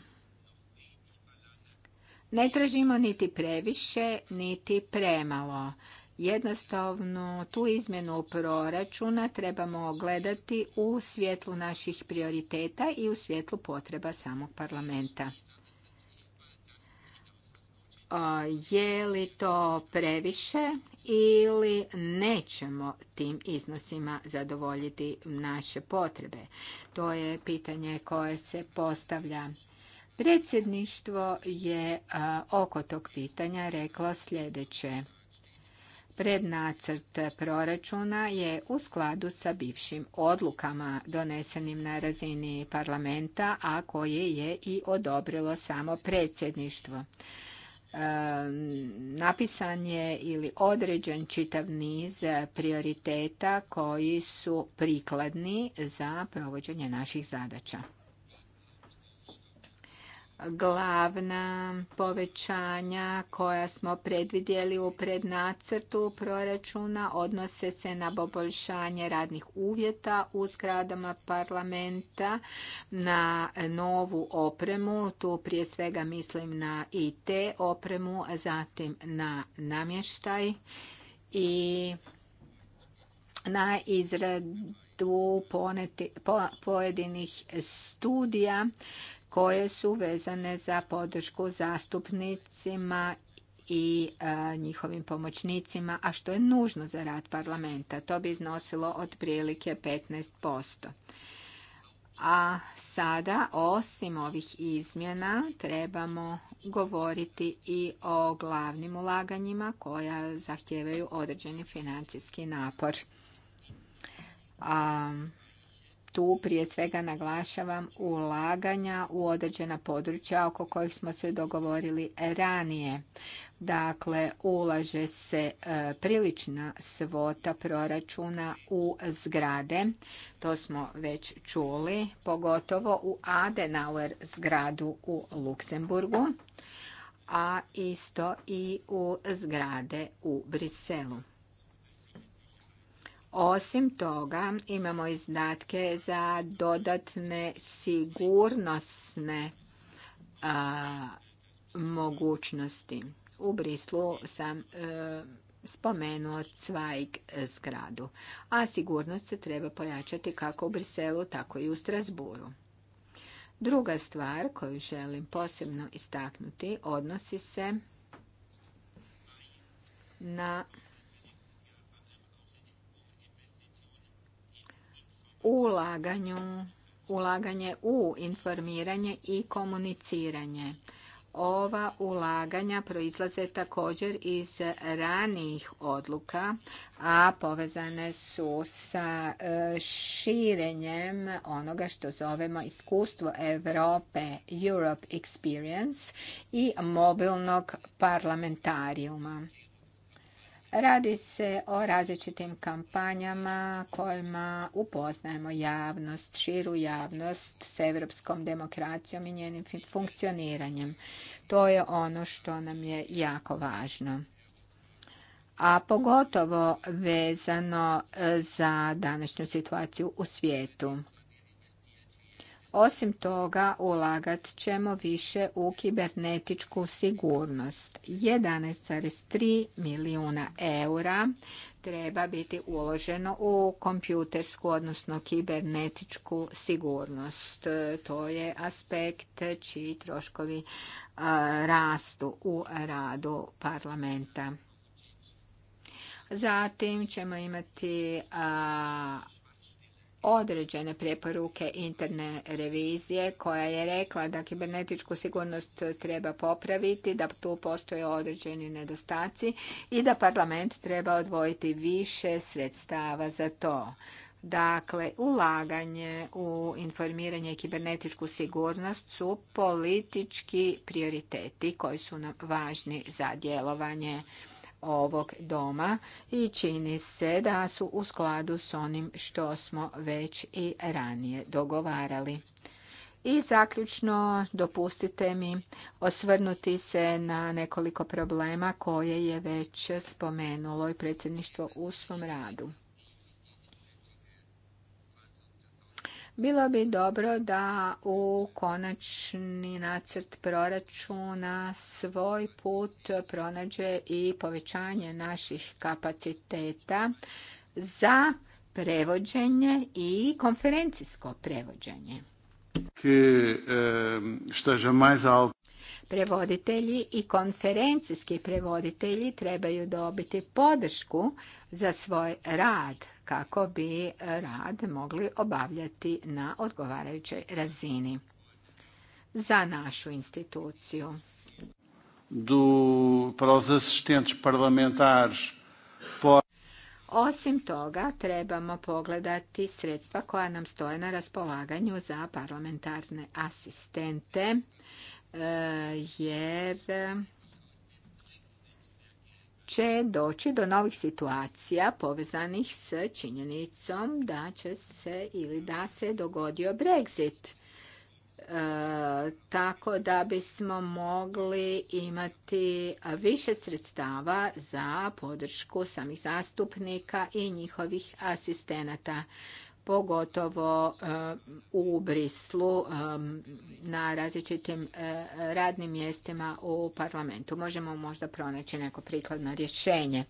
ne tražimo niti previše, niti premalo. Jednostavno, tu izmjenu proračuna trebamo gledati u svjetlu naših prioriteta i u svjetlu potreba samog parlamenta je li to previše ili nećemo tim iznosima zadovoljiti naše potrebe. To je pitanje koje se postavlja. Predsjedništvo je oko tog pitanja reklo sljedeće. Prednacrt proračuna je u skladu sa bivšim odlukama donesenim na razini parlamenta, a koje je i odobrilo samo predsjedništvo napisan je ili određen čitav niz prioriteta koji su prikladni za provođenje naših zadaća glavna povećanja koja smo predvidjeli u prednacrtu proračuna odnose se na poboljšanje radnih uvjeta u zgradama parlamenta, na novu opremu, tu prije svega mislim na IT opremu, zatim na namještaj i na izradu pojedinih studija koje su vezane za podršku zastupnicima i e, njihovim pomoćnicima, a što je nužno za rad parlamenta. To bi iznosilo otprilike 15%. A sada, osim ovih izmjena, trebamo govoriti i o glavnim ulaganjima koja zahtijevaju određeni financijski napor. A tu prije svega naglašavam ulaganja u određena područja oko kojih smo se dogovorili ranije. Dakle, ulaže se e, prilična svota proračuna u zgrade. To smo već čuli, pogotovo u Adenauer zgradu u Luksemburgu, a isto i u zgrade u Briselu. Osim toga, imamo izdatke za dodatne sigurnosne mogućnosti. U Brislu sam e, spomenuo Cvajg zgradu, a sigurnost se treba pojačati kako u Briselu, tako i u Strasburu. Druga stvar koju želim posebno istaknuti odnosi se na ulaganju, ulaganje u informiranje i komuniciranje. Ova ulaganja proizlaze također iz ranijih odluka, a povezane su sa e, širenjem onoga što zovemo iskustvo Europe, Europe Experience i mobilnog parlamentarijuma. Radi se o različitim kampanjama kojima upoznajemo javnost, širu javnost s evropskom demokracijom i njenim funkcioniranjem. To je ono što nam je jako važno a pogotovo vezano e, za današnju situaciju u svijetu. Osim toga, ulagat ćemo više u kibernetičku sigurnost. 11,3 milijuna eura treba biti uloženo u kompjutersku, odnosno kibernetičku sigurnost. To je aspekt čiji troškovi rastu u radu parlamenta. Zatim ćemo imati određene preporuke interne revizije koja je rekla da kibernetičku sigurnost treba popraviti, da tu postoje određeni nedostaci i da parlament treba odvojiti više sredstava za to. Dakle, ulaganje u informiranje i kibernetičku sigurnost su politički prioriteti koji su nam važni za djelovanje ovog doma i čini se da su u skladu s onim što smo već i ranije dogovarali. I zaključno dopustite mi osvrnuti se na nekoliko problema koje je već spomenulo i predsjedništvo u svom radu. Bilo bi dobro da u konačni nacrt proračuna svoj put pronađe i povećanje naših kapaciteta za prevođenje i konferencijsko prevođenje. E, prevoditelji i konferencijski prevoditelji trebaju dobiti podršku za svoj rad kako bi e, rad mogli obavljati na odgovarajućoj razini za našu instituciju. Do, para assistentes osim toga, trebamo pogledati sredstva koja nam stoje na raspolaganju za parlamentarne asistente, e, jer će doći do novih situacija povezanih s činjenicom da će se ili da se dogodio Brexit. E, tako da bismo mogli imati više sredstava za podršku samih zastupnika i njihovih asistenata pogotovo eh, u Brislu eh, na različitim eh, radnim mjestima u parlamentu. Možemo možda pronaći neko prikladno rješenje.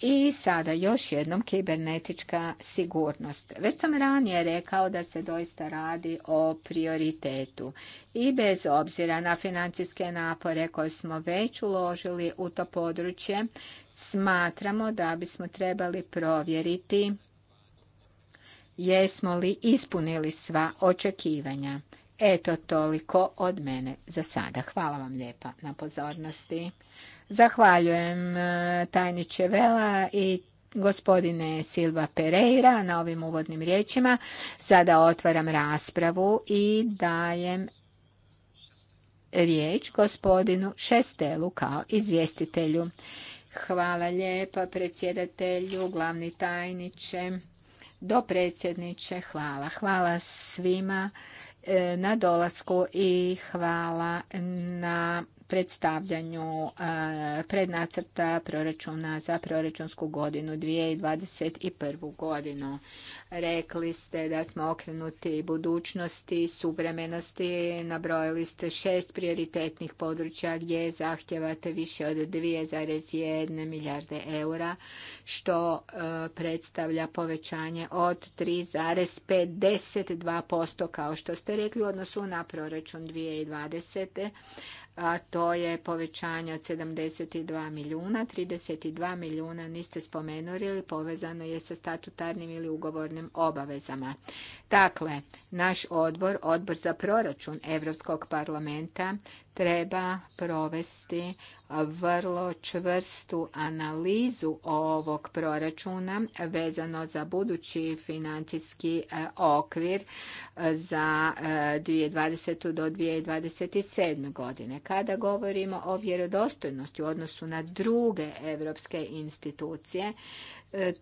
I sada još jednom kibernetička sigurnost. Već sam ranije rekao da se doista radi o prioritetu i bez obzira na financijske napore koje smo već uložili u to područje, smatramo da bismo trebali provjeriti Jesmo li ispunili sva očekivanja? Eto toliko od mene za sada. Hvala vam lijepa na pozornosti. Zahvaljujem e, tajniče Vela i gospodine Silva Pereira na ovim uvodnim riječima. Sada otvaram raspravu i dajem riječ gospodinu Šestelu kao izvjestitelju. Hvala lijepa predsjedatelju, glavni tajniče. Dopredsjedniče, hvala. Hvala svima e, na dolasku i hvala na predstavljanju prednacrta proračuna za proračunsku godinu 2021. godinu. Rekli ste da smo okrenuti budućnosti, suvremenosti, nabrojili ste šest prioritetnih područja gdje zahtjevate više od 2,1 milijarde eura, što e, predstavlja povećanje od 3,52% kao što ste rekli u odnosu na proračun 2020 a to je povećanje od 72 milijuna. 32 milijuna niste spomenuli povezano je sa statutarnim ili ugovornim obavezama. Dakle, naš odbor, odbor za proračun Europskog parlamenta, treba provesti vrlo čvrstu analizu ovog proračuna vezano za budući financijski e, okvir e, za 2020. E, do 2027. godine. Kada govorimo o vjerodostojnosti u odnosu na druge evropske institucije,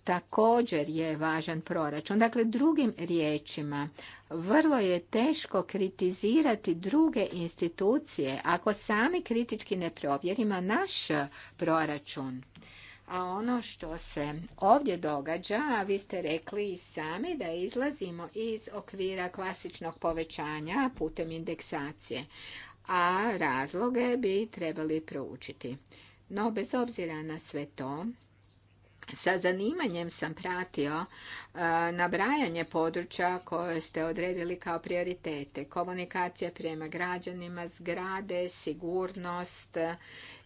također je važan proračun. Dakle, drugim riječima, vrlo je teško kritizirati druge institucije ako sami kritički ne provjerimo naš proračun. A ono što se ovdje događa, a vi ste rekli i sami da izlazimo iz okvira klasičnog povećanja putem indeksacije, a razloge bi trebali proučiti. No, bez obzira na sve to, sa zanimanjem sam pratio e, nabrajanje područja koje ste odredili kao prioritete. Komunikacija prema građanima, zgrade, sigurnost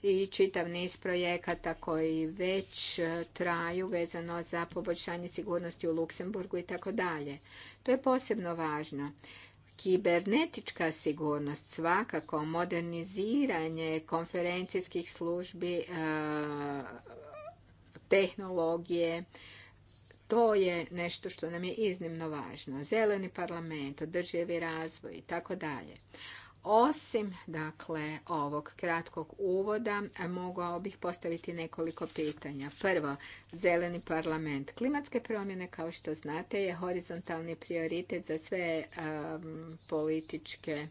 i čitav niz projekata koji već traju vezano za poboljšanje sigurnosti u Luksemburgu i tako dalje. To je posebno važno. Kibernetička sigurnost, svakako moderniziranje konferencijskih službi e, tehnologije. To je nešto što nam je iznimno važno. Zeleni parlament, održivi razvoj i tako dalje. Osim dakle ovog kratkog uvoda mogao bih postaviti nekoliko pitanja. Prvo, zeleni parlament. Klimatske promjene kao što znate je horizontalni prioritet za sve um, političke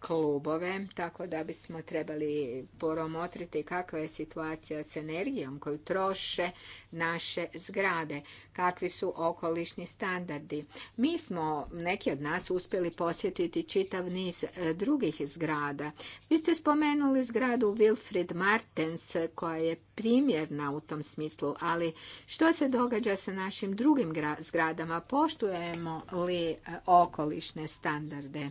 klubove, tako da bismo trebali poromotriti kakva je situacija s energijom koju troše naše zgrade, kakvi su okolišni standardi. Mi smo, neki od nas, uspjeli posjetiti čitav niz e, drugih zgrada. Vi ste spomenuli zgradu Wilfrid Martens koja je primjerna u tom smislu, ali što se događa sa našim drugim zgradama? Poštujemo li e, okolišne standarde?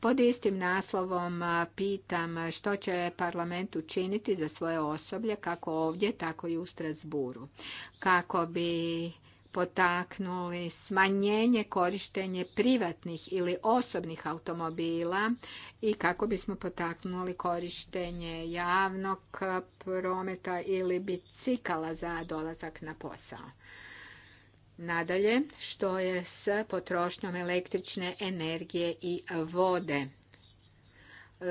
Pod istim naslovom pitam što će parlament učiniti za svoje osoblje, kako ovdje, tako i u Strasburu, kako bi potaknuli smanjenje korištenje privatnih ili osobnih automobila i kako bismo potaknuli korištenje javnog prometa ili bicikala za dolazak na posao. Nadalje, što je s potrošnjom električne energije i vode?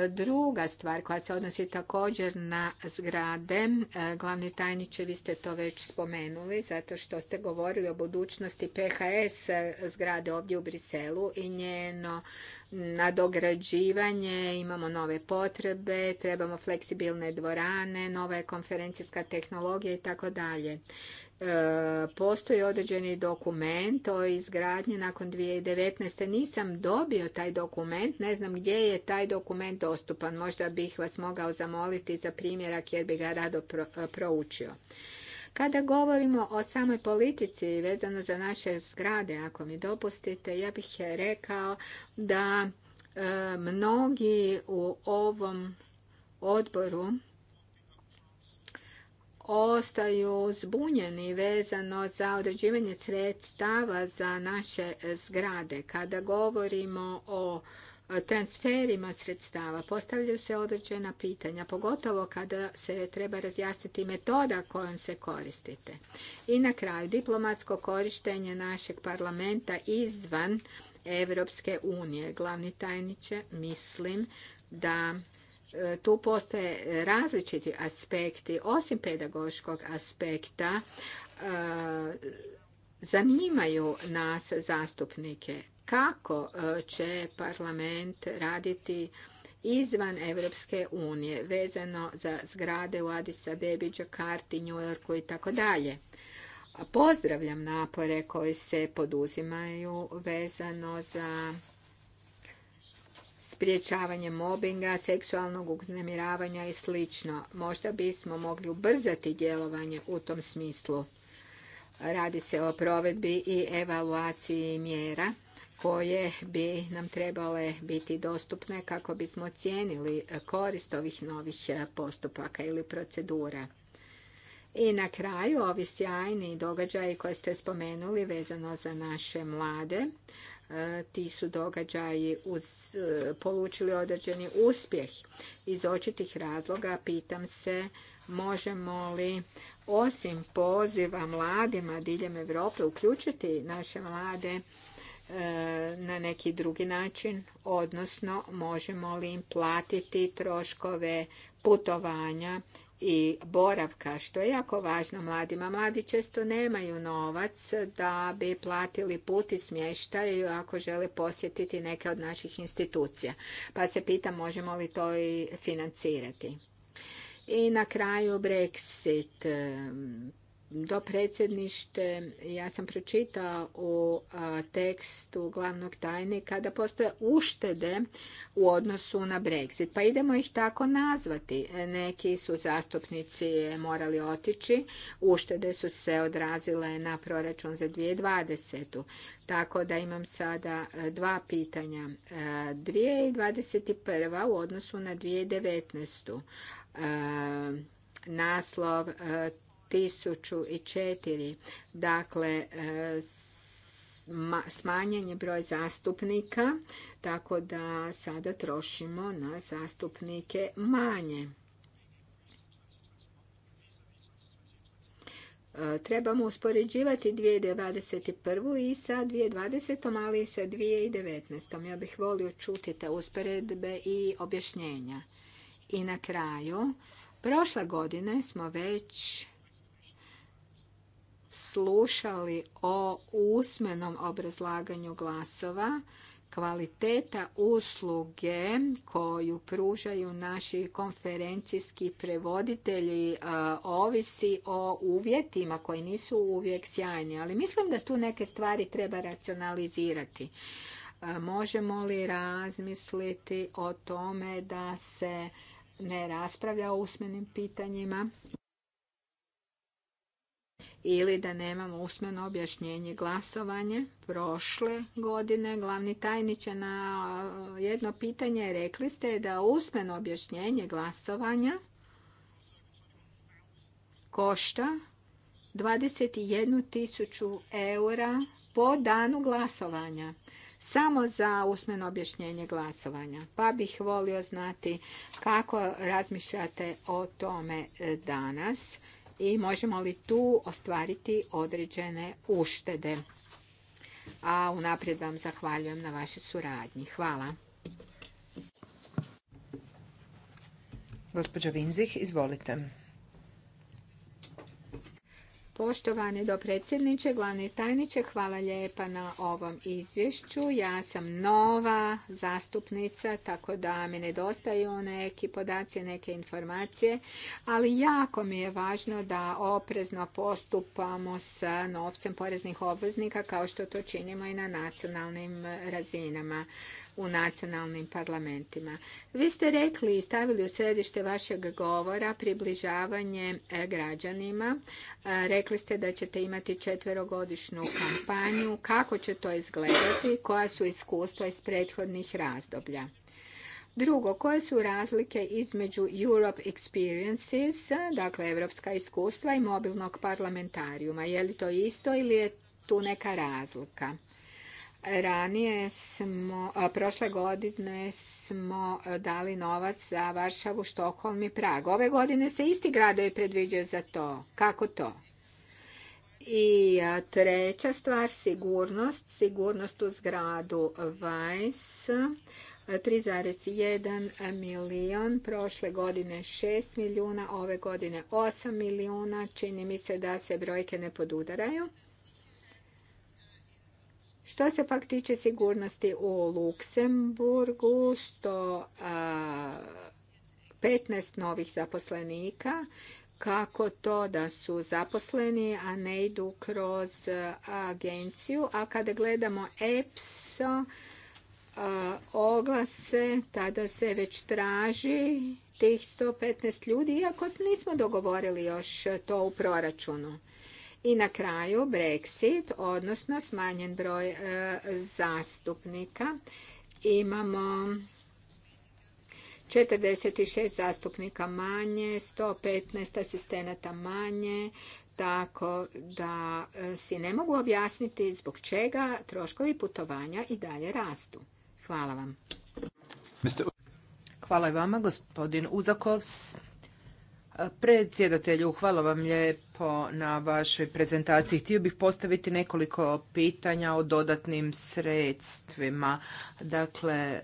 Druga stvar koja se odnosi također na zgrade, glavni tajniče, vi ste to već spomenuli, zato što ste govorili o budućnosti PHS zgrade ovdje u Briselu i njeno nadograđivanje, imamo nove potrebe, trebamo fleksibilne dvorane, nove konferencijska tehnologija i tako dalje. E, postoji određeni dokument o izgradnji nakon 2019. Nisam dobio taj dokument, ne znam gdje je taj dokument dostupan. Možda bih vas mogao zamoliti za primjerak jer bi ga rado e, proučio. Kada govorimo o samoj politici vezano za naše zgrade, ako mi dopustite, ja bih rekao da e, mnogi u ovom odboru ostaju zbunjeni vezano za određivanje sredstava za naše zgrade. Kada govorimo o transferima sredstava postavljaju se određena pitanja, pogotovo kada se treba razjasniti metoda kojom se koristite. I na kraju, diplomatsko korištenje našeg parlamenta izvan Evropske unije. Glavni tajniče, mislim da tu postoje različiti aspekti, osim pedagoškog aspekta, e, zanimaju nas zastupnike kako e, će parlament raditi izvan Evropske unije vezano za zgrade u Adisa, Abebi, Jakarta, New Yorku i tako dalje. Pozdravljam napore koji se poduzimaju vezano za spriječavanje mobinga, seksualnog uznemiravanja i sl. Možda bismo mogli ubrzati djelovanje u tom smislu. Radi se o provedbi i evaluaciji mjera koje bi nam trebale biti dostupne kako bismo cijenili korist ovih novih postupaka ili procedura. I na kraju ovi sjajni događaji koje ste spomenuli vezano za naše mlade ti su događaji uz, e, polučili određeni uspjeh. Iz očitih razloga pitam se možemo li osim poziva mladima diljem Europe uključiti naše mlade e, na neki drugi način, odnosno možemo li im platiti troškove putovanja i boravka, što je jako važno mladima. Mladi često nemaju novac da bi platili put i smještaj ako žele posjetiti neke od naših institucija. Pa se pitam možemo li to i financirati. I na kraju Brexit do predsjednište, ja sam pročitao u tekstu glavnog tajnika da postoje uštede u odnosu na Brexit. Pa idemo ih tako nazvati. E, neki su zastupnici morali otići, uštede su se odrazile na proračun za 2020. Tako da imam sada e, dva pitanja. 2021. E, u odnosu na 2019. Naslov 1004. Dakle, e, smanjen je broj zastupnika, tako da sada trošimo na zastupnike manje. E, trebamo uspoređivati 2021. i sa 2020. ali i sa 2019. Ja bih volio čuti te usporedbe i objašnjenja. I na kraju, prošle godine smo već slušali o usmenom obrazlaganju glasova, kvaliteta usluge koju pružaju naši konferencijski prevoditelji e, ovisi o uvjetima koji nisu uvijek sjajni, ali mislim da tu neke stvari treba racionalizirati. E, možemo li razmisliti o tome da se ne raspravlja o usmenim pitanjima? ili da nemamo usmeno objašnjenje glasovanje. Prošle godine glavni tajniče na eh, jedno pitanje rekli ste da usmeno objašnjenje glasovanja košta 21.000 eura po danu glasovanja. Samo za usmeno objašnjenje glasovanja. Pa bih volio znati kako razmišljate o tome danas i možemo li tu ostvariti određene uštede. A unaprijed vam zahvaljujem na vašoj suradnji. Hvala. Gospođo Vinzih, izvolite. Poštovani dopredsjedniče, glavni tajniče, hvala lijepa na ovom izvješću. Ja sam nova zastupnica, tako da mi nedostaju neki podaci, neke informacije, ali jako mi je važno da oprezno postupamo sa novcem poreznih obveznika kao što to činimo i na nacionalnim razinama u nacionalnim parlamentima. Vi ste rekli i stavili u središte vašeg govora približavanje e, građanima. E, rekli ste da ćete imati četverogodišnju kampanju. Kako će to izgledati? Koja su iskustva iz prethodnih razdoblja? Drugo, koje su razlike između Europe Experiences, dakle evropska iskustva i mobilnog parlamentarijuma? Je li to isto ili je tu neka razlika? ranije smo, prošle godine smo dali novac za Varšavu, Štokholm i Prag. Ove godine se isti gradovi predviđaju za to. Kako to? I treća stvar, sigurnost. Sigurnost u zgradu Vajs. 3,1 milion, prošle godine 6 milijuna, ove godine 8 milijuna. Čini mi se da se brojke ne podudaraju. Što se pak tiče sigurnosti u Luksemburgu, 115 novih zaposlenika, kako to da su zaposleni, a ne idu kroz agenciju. A kada gledamo EPSO, oglase, tada se već traži tih 115 ljudi, iako nismo dogovorili još to u proračunu. I na kraju Brexit, odnosno smanjen broj e, zastupnika. Imamo 46 zastupnika manje, 115 asistenata manje, tako da e, si ne mogu objasniti zbog čega troškovi putovanja i dalje rastu. Hvala vam. Hvala i vama, gospodin Uzakovs. Predsjedatelju, hvala vam lijepo na vašoj prezentaciji. Htio bih postaviti nekoliko pitanja o dodatnim sredstvima. Dakle,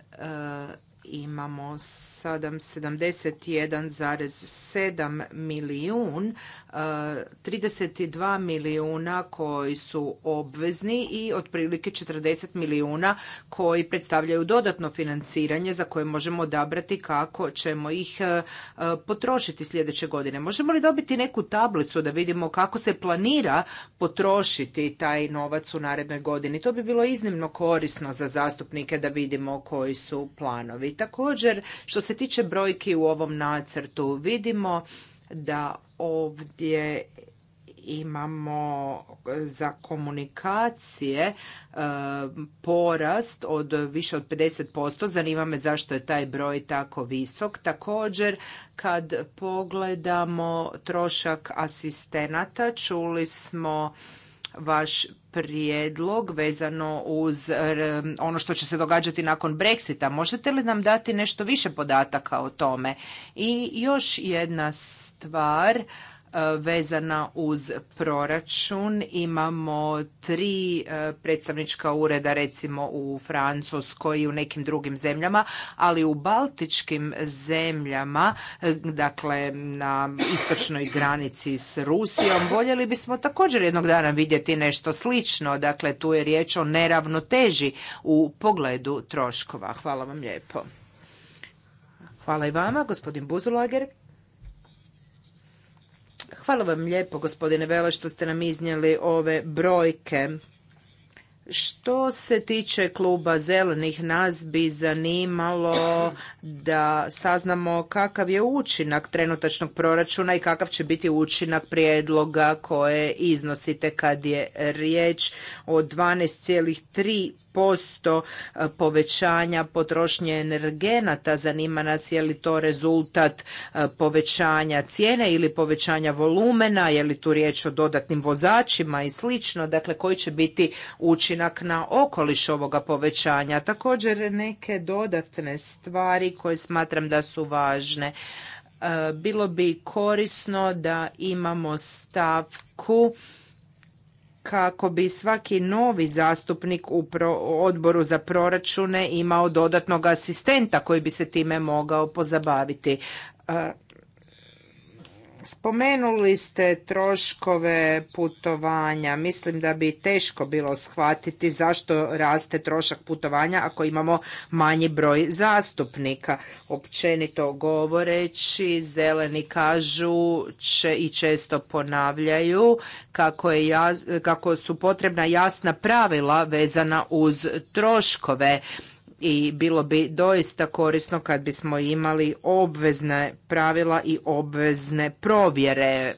imamo sada 71,7 milijun, 32 e, milijuna koji su obvezni i otprilike 40 milijuna koji predstavljaju dodatno financiranje za koje možemo odabrati kako ćemo ih e, e, potrošiti sljedeće godine. Možemo li dobiti neku tablicu da vidimo kako se planira potrošiti taj novac u narednoj godini? To bi bilo iznimno korisno za zastupnike da vidimo koji su planovi. Također, što se tiče brojki u ovom nacrtu, vidimo da ovdje imamo za komunikacije e, porast od više od 50%. Zanima me zašto je taj broj tako visok. Također, kad pogledamo trošak asistenata, čuli smo vaš prijedlog vezano uz ono što će se događati nakon Brexita. Možete li nam dati nešto više podataka o tome? I još jedna stvar E, vezana uz proračun. Imamo tri e, predstavnička ureda recimo u Francuskoj i u nekim drugim zemljama, ali u baltičkim zemljama, e, dakle na istočnoj granici s Rusijom, voljeli bismo također jednog dana vidjeti nešto slično. Dakle, tu je riječ o neravnoteži u pogledu troškova. Hvala vam lijepo. Hvala i vama, gospodin Buzulager. Hvala vam lijepo gospodine Vela što ste nam iznijeli ove brojke što se tiče kluba zelenih, nas bi zanimalo da saznamo kakav je učinak trenutačnog proračuna i kakav će biti učinak prijedloga koje iznosite kad je riječ o 12,3% eh, povećanja potrošnje energenata. Zanima nas je li to rezultat eh, povećanja cijene ili povećanja volumena, je li tu riječ o dodatnim vozačima i slično. Dakle, koji će biti učinak učinak na okoliš ovoga povećanja. Također neke dodatne stvari koje smatram da su važne. E, bilo bi korisno da imamo stavku kako bi svaki novi zastupnik u odboru za proračune imao dodatnog asistenta koji bi se time mogao pozabaviti e, Spomenuli ste troškove putovanja. Mislim da bi teško bilo shvatiti zašto raste trošak putovanja ako imamo manji broj zastupnika. Općenito govoreći, zeleni kažu će i često ponavljaju kako, je kako su potrebna jasna pravila vezana uz troškove i bilo bi doista korisno kad bismo imali obvezne pravila i obvezne provjere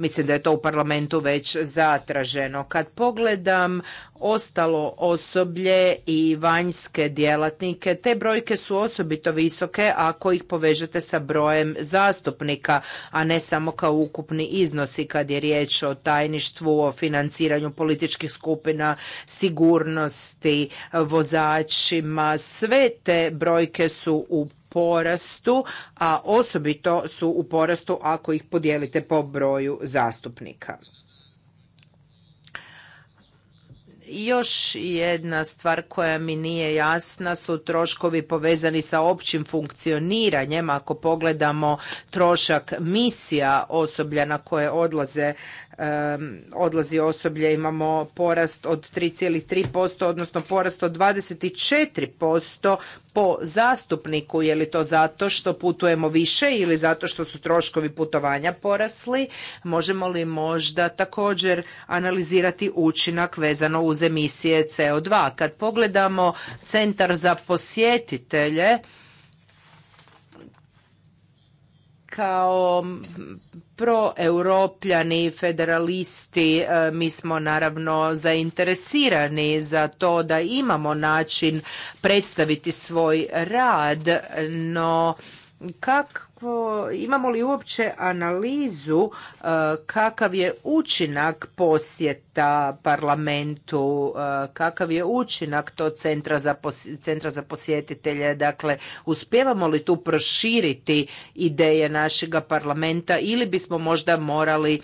Mislim da je to u parlamentu već zatraženo. Kad pogledam ostalo osoblje i vanjske djelatnike, te brojke su osobito visoke ako ih povežete sa brojem zastupnika, a ne samo kao ukupni iznosi kad je riječ o tajništvu, o financiranju političkih skupina, sigurnosti, vozačima. Sve te brojke su u porastu, a osobito su u porastu ako ih podijelite po broju zastupnika. Još jedna stvar koja mi nije jasna su troškovi povezani sa općim funkcioniranjem. Ako pogledamo trošak misija osoblja na koje odlaze odlazi osoblje, imamo porast od 3,3%, odnosno porast od 24% po zastupniku. Je li to zato što putujemo više ili zato što su troškovi putovanja porasli? Možemo li možda također analizirati učinak vezano uz emisije CO2? Kad pogledamo centar za posjetitelje, kao proeuropljani federalisti e, mi smo naravno zainteresirani za to da imamo način predstaviti svoj rad, no kako? imamo li uopće analizu e, kakav je učinak posjeta parlamentu, e, kakav je učinak to centra za, centra za posjetitelje, dakle uspjevamo li tu proširiti ideje našega parlamenta ili bismo možda morali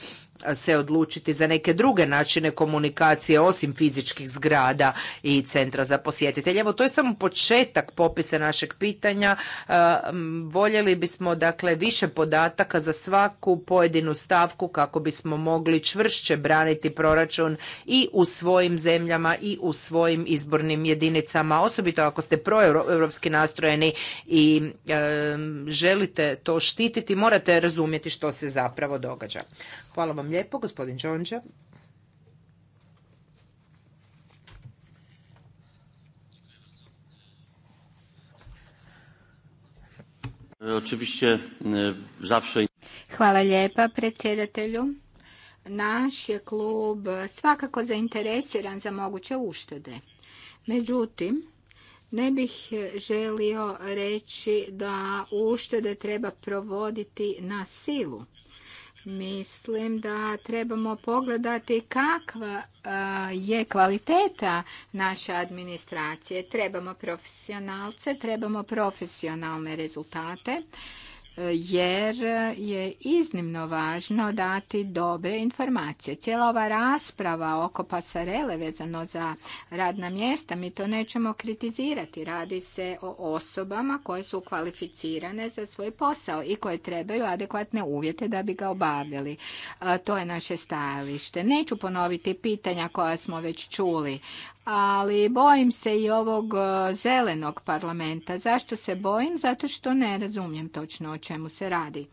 se odlučiti za neke druge načine komunikacije osim fizičkih zgrada i centra za posjetitelje. Evo to je samo početak popisa našeg pitanja. E, voljeli bismo dakle više podataka za svaku pojedinu stavku kako bismo mogli čvršće braniti proračun i u svojim zemljama i u svojim izbornim jedinicama, osobito ako ste proeuropski nastrojeni i e, želite to štititi, morate razumjeti što se zapravo događa. Hvala vam lijepo, gospodin Đonđa. E, Hvala lijepa predsjedatelju. Naš je klub svakako zainteresiran za moguće uštede. Međutim, ne bih želio reći da uštede treba provoditi na silu. Mislim da trebamo pogledati kakva je kvaliteta naše administracije. Trebamo profesionalce, trebamo profesionalne rezultate jer je iznimno važno dati dobre informacije. Cijela ova rasprava oko pasarele vezano za radna mjesta, mi to nećemo kritizirati. Radi se o osobama koje su kvalificirane za svoj posao i koje trebaju adekvatne uvjete da bi ga obavljali. E, to je naše stajalište. Neću ponoviti pitanja koja smo već čuli ali bojim se i ovog e, zelenog parlamenta. Zašto se bojim? Zato što ne razumijem točno o čemu se radi.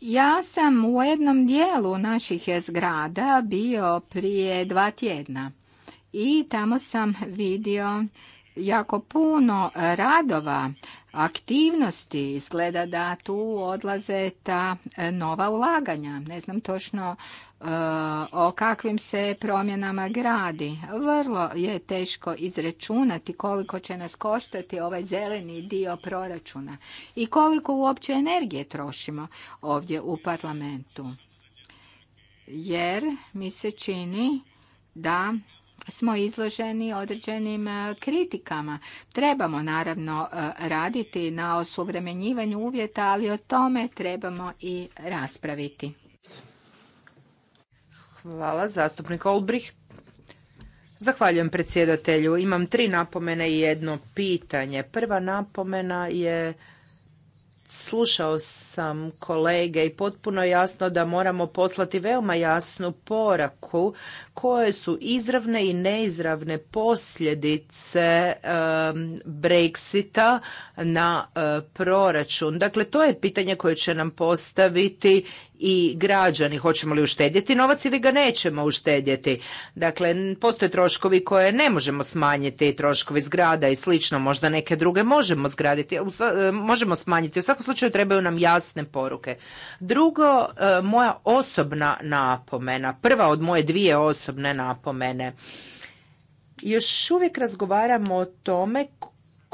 Ja sam u jednom dijelu naših zgrada bio prije dva tjedna i tamo sam vidio jako puno radova, aktivnosti, izgleda da tu odlaze ta e, nova ulaganja. Ne znam točno e, o kakvim se promjenama gradi. Vrlo je teško izračunati koliko će nas koštati ovaj zeleni dio proračuna i koliko uopće energije trošimo ovdje u parlamentu. Jer mi se čini da smo izloženi određenim e, kritikama. Trebamo naravno e, raditi na osuvremenjivanju uvjeta, ali o tome trebamo i raspraviti. Hvala, zastupnik Olbrih. Zahvaljujem predsjedatelju. Imam tri napomene i jedno pitanje. Prva napomena je slušao sam kolege i potpuno jasno da moramo poslati veoma jasnu poraku koje su izravne i neizravne posljedice Brexita na e, proračun. Dakle, to je pitanje koje će nam postaviti i građani. Hoćemo li uštedjeti novac ili ga nećemo uštedjeti? Dakle, postoje troškovi koje ne možemo smanjiti, troškovi zgrada i slično, možda neke druge možemo zgraditi, e, možemo smanjiti. U svakom slučaju trebaju nam jasne poruke. Drugo, e, moja osobna napomena, prva od moje dvije osobe, osobne napomene. Još uvijek razgovaramo o tome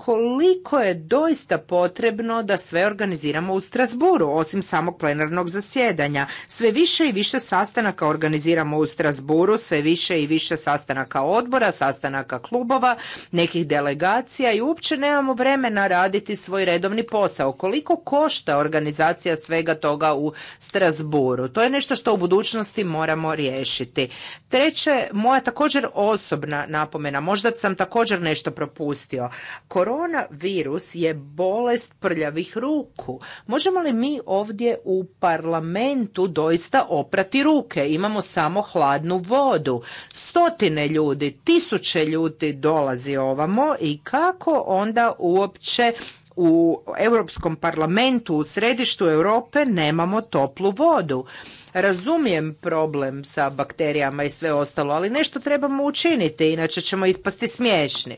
koliko je doista potrebno da sve organiziramo u Strasburu, osim samog plenarnog zasjedanja. Sve više i više sastanaka organiziramo u Strasburu, sve više i više sastanaka odbora, sastanaka klubova, nekih delegacija i uopće nemamo vremena raditi svoj redovni posao. Koliko košta organizacija svega toga u Strasburu? To je nešto što u budućnosti moramo riješiti. Treće, moja također osobna napomena, možda sam također nešto propustio. Korona Koronavirus je bolest prljavih ruku. Možemo li mi ovdje u parlamentu doista oprati ruke? Imamo samo hladnu vodu. Stotine ljudi, tisuće ljudi dolazi ovamo i kako onda uopće u Europskom parlamentu, u središtu Europe nemamo toplu vodu. Razumijem problem sa bakterijama i sve ostalo, ali nešto trebamo učiniti, inače ćemo ispasti smiješni.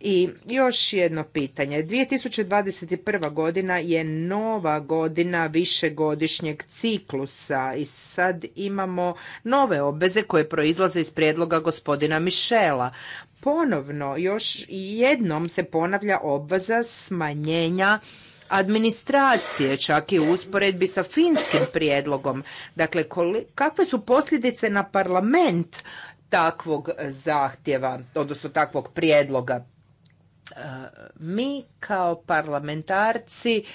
I još jedno pitanje. 2021. godina je nova godina višegodišnjeg ciklusa i sad imamo nove obveze koje proizlaze iz prijedloga gospodina Mišela. Ponovno, još jednom se ponavlja obveza smanjenja administracije, čak i usporedbi sa finskim prijedlogom. Dakle, kakve su posljedice na parlament takvog zahtjeva, odnosno takvog prijedloga? mi kao parlamentarci e,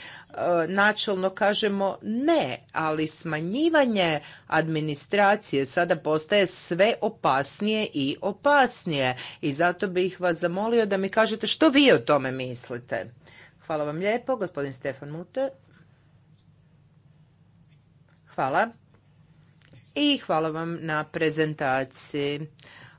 načelno kažemo ne, ali smanjivanje administracije sada postaje sve opasnije i opasnije i zato bih vas zamolio da mi kažete što vi o tome mislite. Hvala vam lijepo, gospodin Stefan Mute. Hvala. I hvala vam na prezentaciji.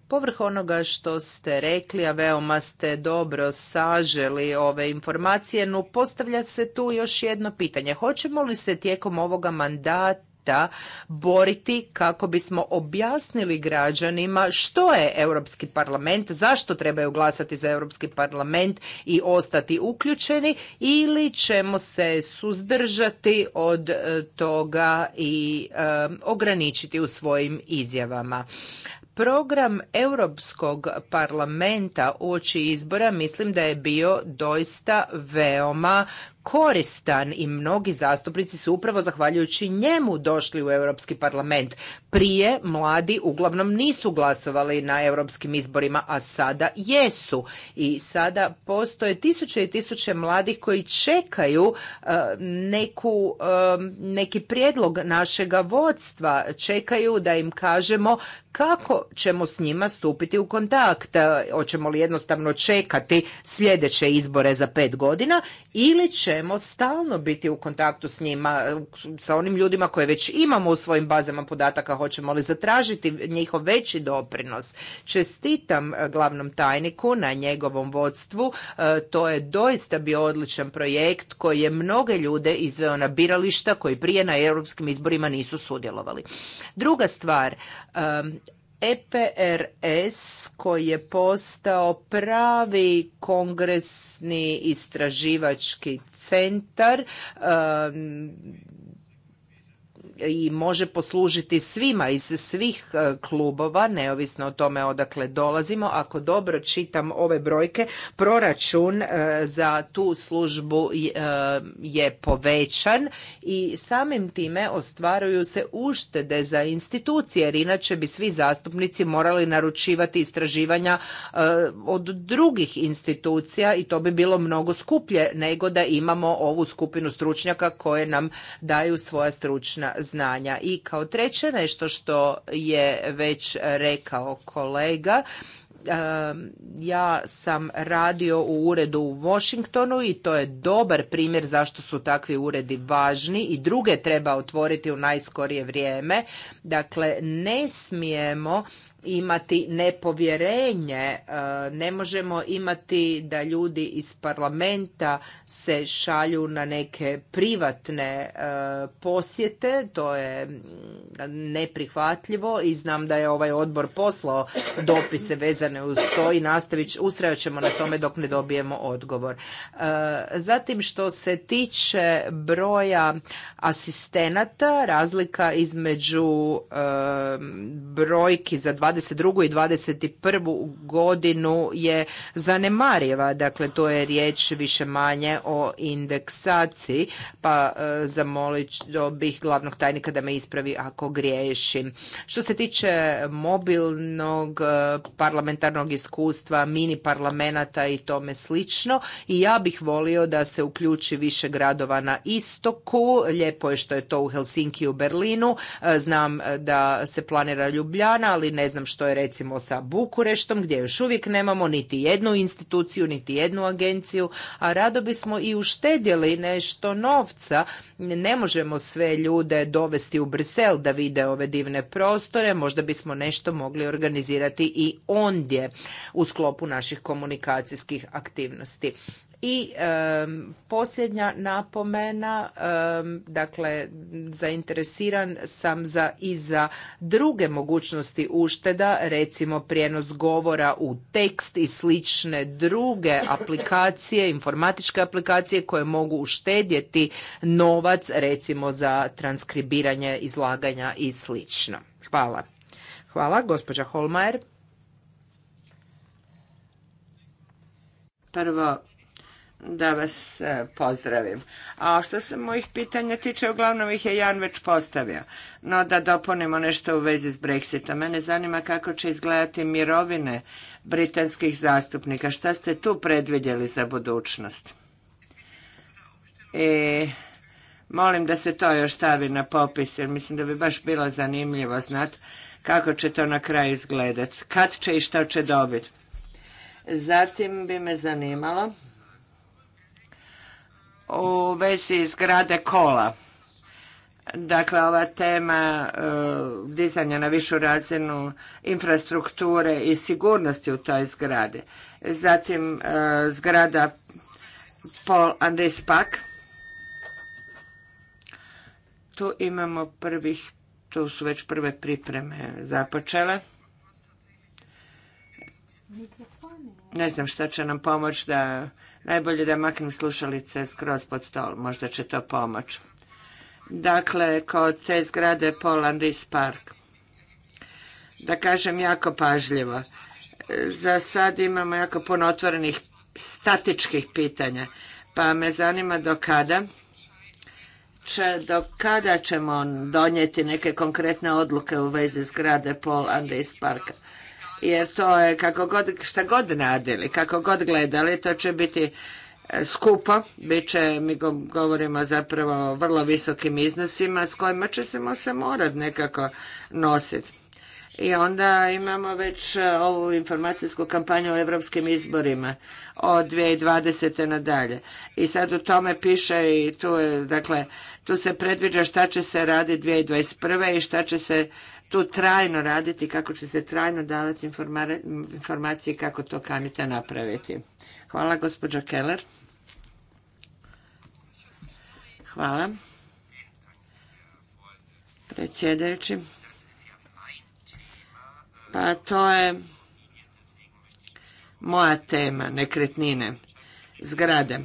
Povrh onoga što ste rekli, a veoma ste dobro saželi ove informacije, no postavlja se tu još jedno pitanje. Hoćemo li se tijekom ovoga mandata boriti kako bismo objasnili građanima što je Europski parlament, zašto trebaju glasati za Europski parlament i ostati uključeni ili ćemo se suzdržati od e, toga i e, ograničiti u svojim izjavama. Program Europskog parlamenta uoči izbora mislim da je bio doista veoma koristan i mnogi zastupnici su upravo zahvaljujući njemu došli u Europski parlament. Prije mladi uglavnom nisu glasovali na europskim izborima, a sada jesu. I sada postoje tisuće i tisuće mladih koji čekaju e, neku, e, neki prijedlog našega vodstva, čekaju da im kažemo kako ćemo s njima stupiti u kontakt. E, hoćemo li jednostavno čekati sljedeće izbore za pet godina ili će ćemo stalno biti u kontaktu s njima, sa onim ljudima koje već imamo u svojim bazama podataka, hoćemo li zatražiti njihov veći doprinos. Čestitam e, glavnom tajniku na njegovom vodstvu. E, to je doista bio odličan projekt koji je mnoge ljude izveo na birališta koji prije na europskim izborima nisu sudjelovali. Druga stvar, e, EPRS koji je postao pravi kongresni istraživački centar um, i može poslužiti svima iz svih e, klubova, neovisno o tome odakle dolazimo. Ako dobro čitam ove brojke, proračun e, za tu službu e, je povećan i samim time ostvaruju se uštede za institucije, jer inače bi svi zastupnici morali naručivati istraživanja od drugih institucija i to bi bilo mnogo skuplje nego da imamo ovu skupinu stručnjaka koje nam daju svoja stručna znanja. I kao treće nešto što je već rekao kolega, ja sam radio u uredu u Washingtonu i to je dobar primjer zašto su takvi uredi važni i druge treba otvoriti u najskorije vrijeme. Dakle, ne smijemo imati nepovjerenje, e, ne možemo imati da ljudi iz parlamenta se šalju na neke privatne e, posjete, to je neprihvatljivo i znam da je ovaj odbor poslao dopise vezane uz to i nastavit ustrajat ćemo na tome dok ne dobijemo odgovor. E, zatim što se tiče broja asistenata, razlika između brojki za 20 22. i 2021. godinu je zanemariva. Dakle, to je riječ više manje o indeksaciji, pa e, zamolit bih glavnog tajnika da me ispravi ako griješim. Što se tiče mobilnog e, parlamentarnog iskustva, mini parlamenata i tome slično, i ja bih volio da se uključi više gradova na istoku. Lijepo je što je to u Helsinki i u Berlinu. E, znam da se planira Ljubljana, ali ne znam što je recimo sa Bukureštom gdje još uvijek nemamo niti jednu instituciju, niti jednu agenciju, a rado bismo i uštedjeli nešto novca. Ne možemo sve ljude dovesti u Brisel da vide ove divne prostore, možda bismo nešto mogli organizirati i ondje u sklopu naših komunikacijskih aktivnosti. I posljednja napomena, dakle zainteresiran sam za i za druge mogućnosti ušteda, recimo prijenos govora u tekst i slične druge aplikacije, informatičke aplikacije koje mogu uštedjeti novac recimo za transkribiranje izlaganja i slično. Hvala. Hvala, gospođa Holmajer. Prvo, da vas e, pozdravim. A što se mojih pitanja tiče, uglavnom ih je Jan već postavio. No da dopunimo nešto u vezi s Brexitom. Mene zanima kako će izgledati mirovine britanskih zastupnika. Šta ste tu predvidjeli za budućnost? I molim da se to još stavi na popis, jer mislim da bi baš bilo zanimljivo znati kako će to na kraju izgledati, kad će i što će dobiti. Zatim bi me zanimalo u vezi zgrade kola. Dakle, ova tema e, dizanja na višu razinu infrastrukture i sigurnosti u toj zgradi. Zatim e, zgrada Paul André Pak. Tu imamo prvih, tu su već prve pripreme započele. Ne znam šta će nam pomoći da najbolje da maknem slušalice skroz pod stol, možda će to pomoć. Dakle, kod te zgrade Polandis Park. Da kažem jako pažljivo. Za sad imamo jako puno otvorenih statičkih pitanja, pa me zanima do kada će, do kada ćemo donijeti neke konkretne odluke u vezi zgrade pol Andres Parka jer to je kako god, šta god radili, kako god gledali, to će biti e, skupo, bit će, mi govorimo zapravo o vrlo visokim iznosima s kojima će se se morati nekako nositi. I onda imamo već e, ovu informacijsku kampanju o evropskim izborima od 2020. nadalje. I sad u tome piše i tu, je, dakle, tu se predviđa šta će se raditi 2021. i šta će se tu trajno raditi, kako će se trajno davati informacije kako to kanite napraviti. Hvala gospođa Keller. Hvala. Predsjedajući. Pa to je moja tema, nekretnine, zgrade.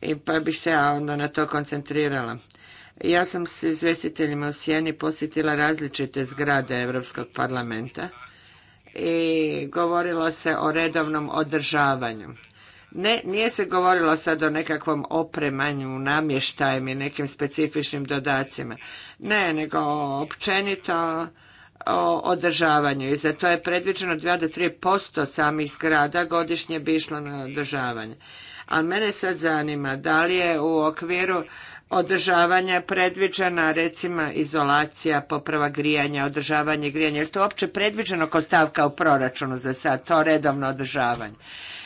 I pa bih se ja onda na to koncentrirala. Ja sam s izvjestiteljima u Sjeni posjetila različite zgrade Europskog parlamenta i govorilo se o redovnom održavanju. Ne, nije se govorilo sad o nekakvom opremanju, namještajem i nekim specifičnim dodacima. Ne, nego općenito o održavanju i za to je predviđeno 2 do 3% samih zgrada godišnje bi išlo na održavanje. Ali mene sad zanima da li je u okviru održavanja predviđena, recimo izolacija, poprava grijanja, održavanje grijanja. Je li to uopće predviđeno kao stavka u proračunu za sad, to redovno održavanje?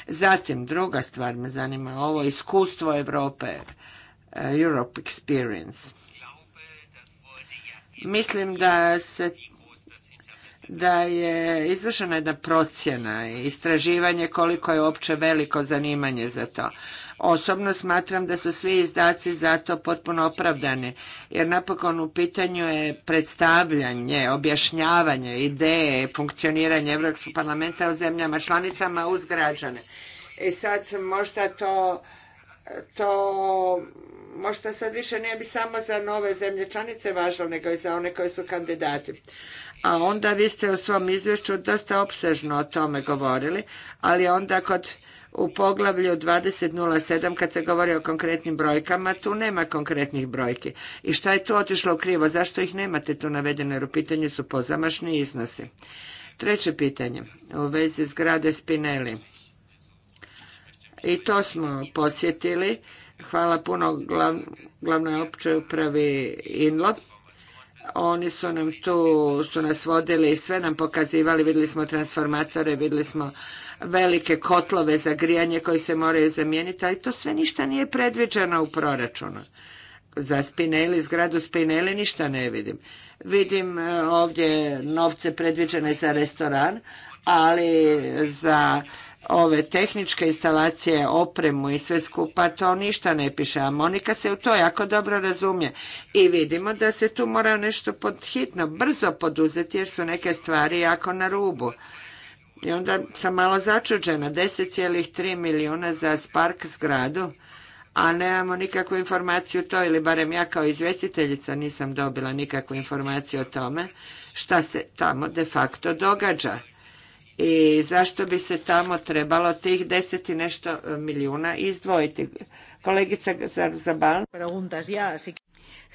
Zatim, druga stvar me zanima, ovo iskustvo Europe, eh, Europe Experience. Mislim da se da je izvršena jedna procjena istraživanje koliko je uopće veliko zanimanje za to. Osobno smatram da su svi izdaci za to potpuno opravdani, jer napokon u pitanju je predstavljanje, objašnjavanje, ideje, funkcioniranje Europskog parlamenta u zemljama članicama uz građane. I sad možda to, to možda sad više ne bi samo za nove zemlje članice važno nego i za one koje su kandidati. A onda vi ste u svom izvješću dosta opsežno o tome govorili, ali onda kod u poglavlju 20.07 kad se govori o konkretnim brojkama, tu nema konkretnih brojki. I šta je tu otišlo krivo? Zašto ih nemate tu navedeno? Jer u pitanju su pozamašni iznosi. Treće pitanje u vezi zgrade Spinelli. I to smo posjetili. Hvala puno glavnoj općoj upravi INLO. Oni su nam tu, su nas vodili i sve nam pokazivali. Vidjeli smo transformatore, vidjeli smo velike kotlove za grijanje koji se moraju zamijeniti, ali to sve ništa nije predviđeno u proračunu. Za Spinelli, zgradu spineli ništa ne vidim. Vidim e, ovdje novce predviđene za restoran, ali za ove tehničke instalacije, opremu i sve skupa, to ništa ne piše. A Monika se u to jako dobro razumije. I vidimo da se tu mora nešto hitno, brzo poduzeti jer su neke stvari jako na rubu. I onda sam malo začuđena, 10,3 milijuna za Spark zgradu, a nemamo nikakvu informaciju to, ili barem ja kao izvjestiteljica nisam dobila nikakvu informaciju o tome, šta se tamo de facto događa i zašto bi se tamo trebalo tih deset i nešto e, milijuna izdvojiti. Kolegica Zabal.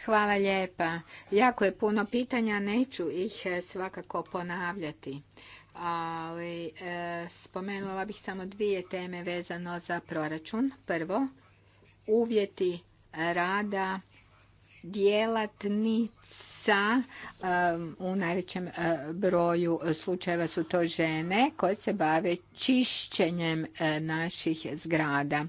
Hvala lijepa. Jako je puno pitanja, neću ih e, svakako ponavljati ali e, spomenula bih samo dvije teme vezano za proračun. Prvo, uvjeti rada djelatnica u najvećem e, broju slučajeva su to žene koje se bave čišćenjem e, naših zgrada.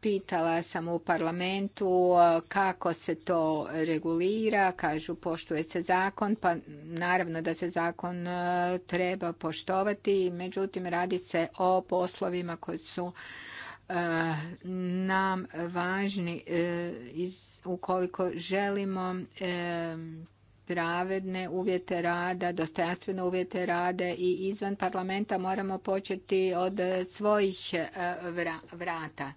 Pitala sam u parlamentu e, kako se to regulira, kažu poštuje se zakon, pa naravno da se zakon e, treba poštovati, međutim radi se o poslovima koji su e, nam važni ukoliko želimo pravedne uvjete rada, dostojanstvene uvjete rade i izvan parlamenta moramo početi od svojih eh, vrata.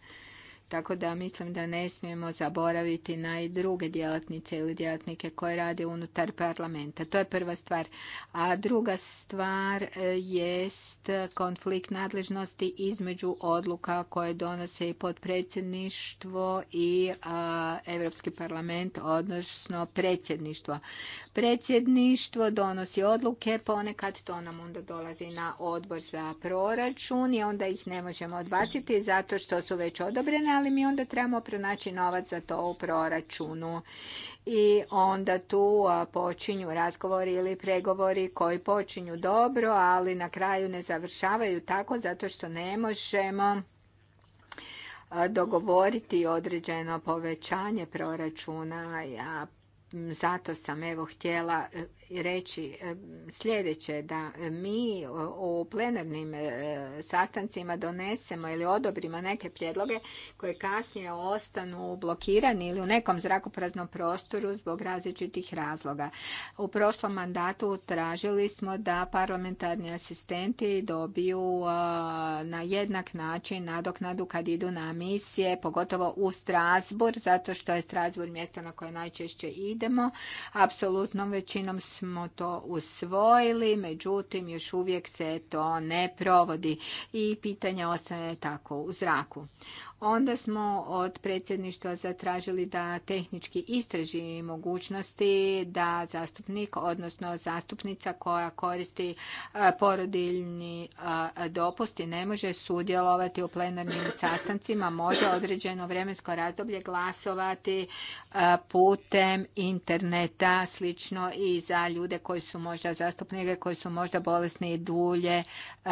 Tako da mislim da ne smijemo zaboraviti na i druge djelatnice ili djelatnike koje rade unutar parlamenta. To je prva stvar. A druga stvar e, jest konflikt nadležnosti između odluka koje donose i podpredsjedništvo i Europski parlament, odnosno predsjedništvo. Predsjedništvo donosi odluke, ponekad to nam onda dolazi na odbor za proračun i onda ih ne možemo odbaciti zato što su već odobrene, ali mi onda trebamo pronaći novac za to u proračunu. I onda tu počinju razgovori ili pregovori koji počinju dobro, ali na kraju ne završavaju tako zato što ne možemo dogovoriti određeno povećanje proračuna. Ja zato sam evo htjela e, reći e, sljedeće da mi e, u plenarnim sastancima donesemo ili odobrimo neke prijedloge koje kasnije ostanu blokirani ili u nekom zrakopraznom prostoru zbog različitih razloga. U prošlom mandatu tražili smo da parlamentarni asistenti dobiju na jednak način nadoknadu kad idu na misije, pogotovo u Strasbur, zato što je Strasbur mjesto na koje najčešće idu idemo. Apsolutnom većinom smo to usvojili, međutim još uvijek se to ne provodi i pitanje ostaje tako u zraku. Onda smo od predsjedništva zatražili da tehnički istraži mogućnosti da zastupnik, odnosno zastupnica koja koristi e, porodiljni e, dopust i ne može sudjelovati u plenarnim sastancima, može određeno vremensko razdoblje glasovati e, putem interneta, slično i za ljude koji su možda zastupnike, koji su možda bolesni i dulje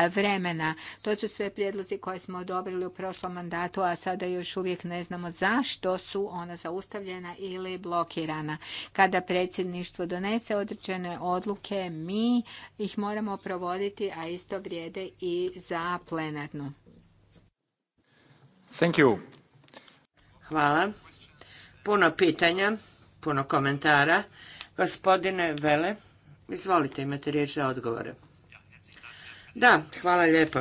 vremena. To su sve prijedlozi koje smo odobrili u prošlom mandatu, a sada još uvijek ne znamo zašto su ona zaustavljena ili blokirana. Kada predsjedništvo donese određene odluke, mi ih moramo provoditi, a isto vrijede i za plenarnu. Thank you. Hvala. Puno pitanja, puno komentara. Gospodine Vele, izvolite, imate riječ za odgovore. Da, hvala lijepo.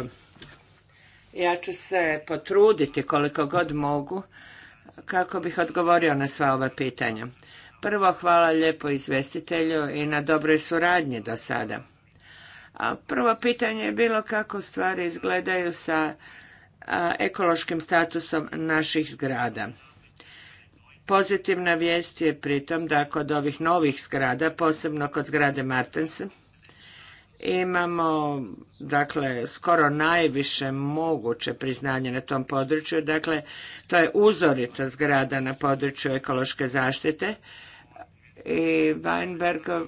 Ja ću se potruditi koliko god mogu kako bih odgovorio na sva ova pitanja. Prvo, hvala lijepo izvestitelju i na dobroj suradnji do sada. A prvo pitanje je bilo kako stvari izgledaju sa ekološkim statusom naših zgrada. Pozitivna vijest je pritom da kod ovih novih zgrada, posebno kod zgrade Martensa, imamo dakle skoro najviše moguće priznanje na tom području. Dakle, to je uzorita zgrada na području ekološke zaštite i Weinberg,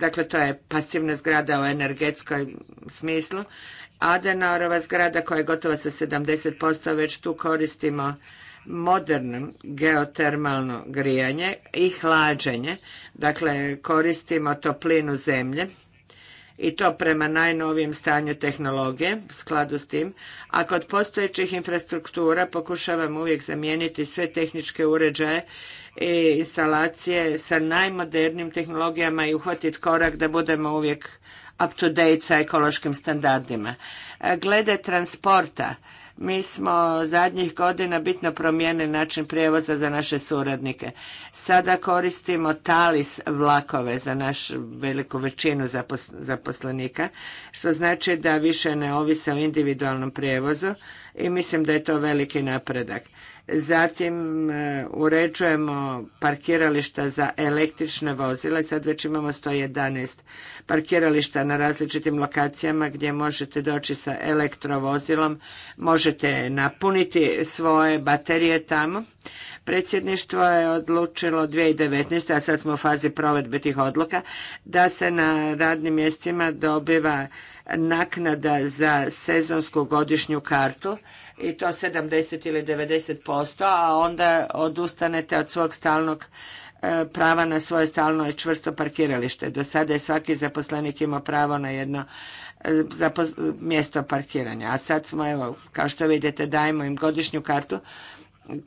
dakle to je pasivna zgrada u energetskom smislu. Adenaurova zgrada koja je gotova sa 70% već tu koristimo moderno geotermalno grijanje i hlađenje, dakle koristimo toplinu zemlje i to prema najnovijem stanju tehnologije, skladu s tim, a kod postojećih infrastruktura pokušavamo uvijek zamijeniti sve tehničke uređaje i instalacije sa najmodernijim tehnologijama i uhvatiti korak da budemo uvijek up to date sa ekološkim standardima. E, glede transporta, mi smo zadnjih godina bitno promijenili način prijevoza za naše suradnike. Sada koristimo talis vlakove za našu veliku većinu zaposlenika, što znači da više ne ovise o individualnom prijevozu i mislim da je to veliki napredak. Zatim e, uređujemo parkirališta za električne vozila sad već imamo 111 parkirališta na različitim lokacijama gdje možete doći sa elektrovozilom, možete napuniti svoje baterije tamo. Predsjedništvo je odlučilo 2019. a sad smo u fazi provedbe tih odluka, da se na radnim mjestima dobiva naknada za sezonsku godišnju kartu i to 70 ili 90%, a onda odustanete od svog stalnog e, prava na svoje stalno i čvrsto parkiralište. Do sada je svaki zaposlenik imao pravo na jedno e, mjesto parkiranja. A sad smo, evo, kao što vidite, dajemo im godišnju kartu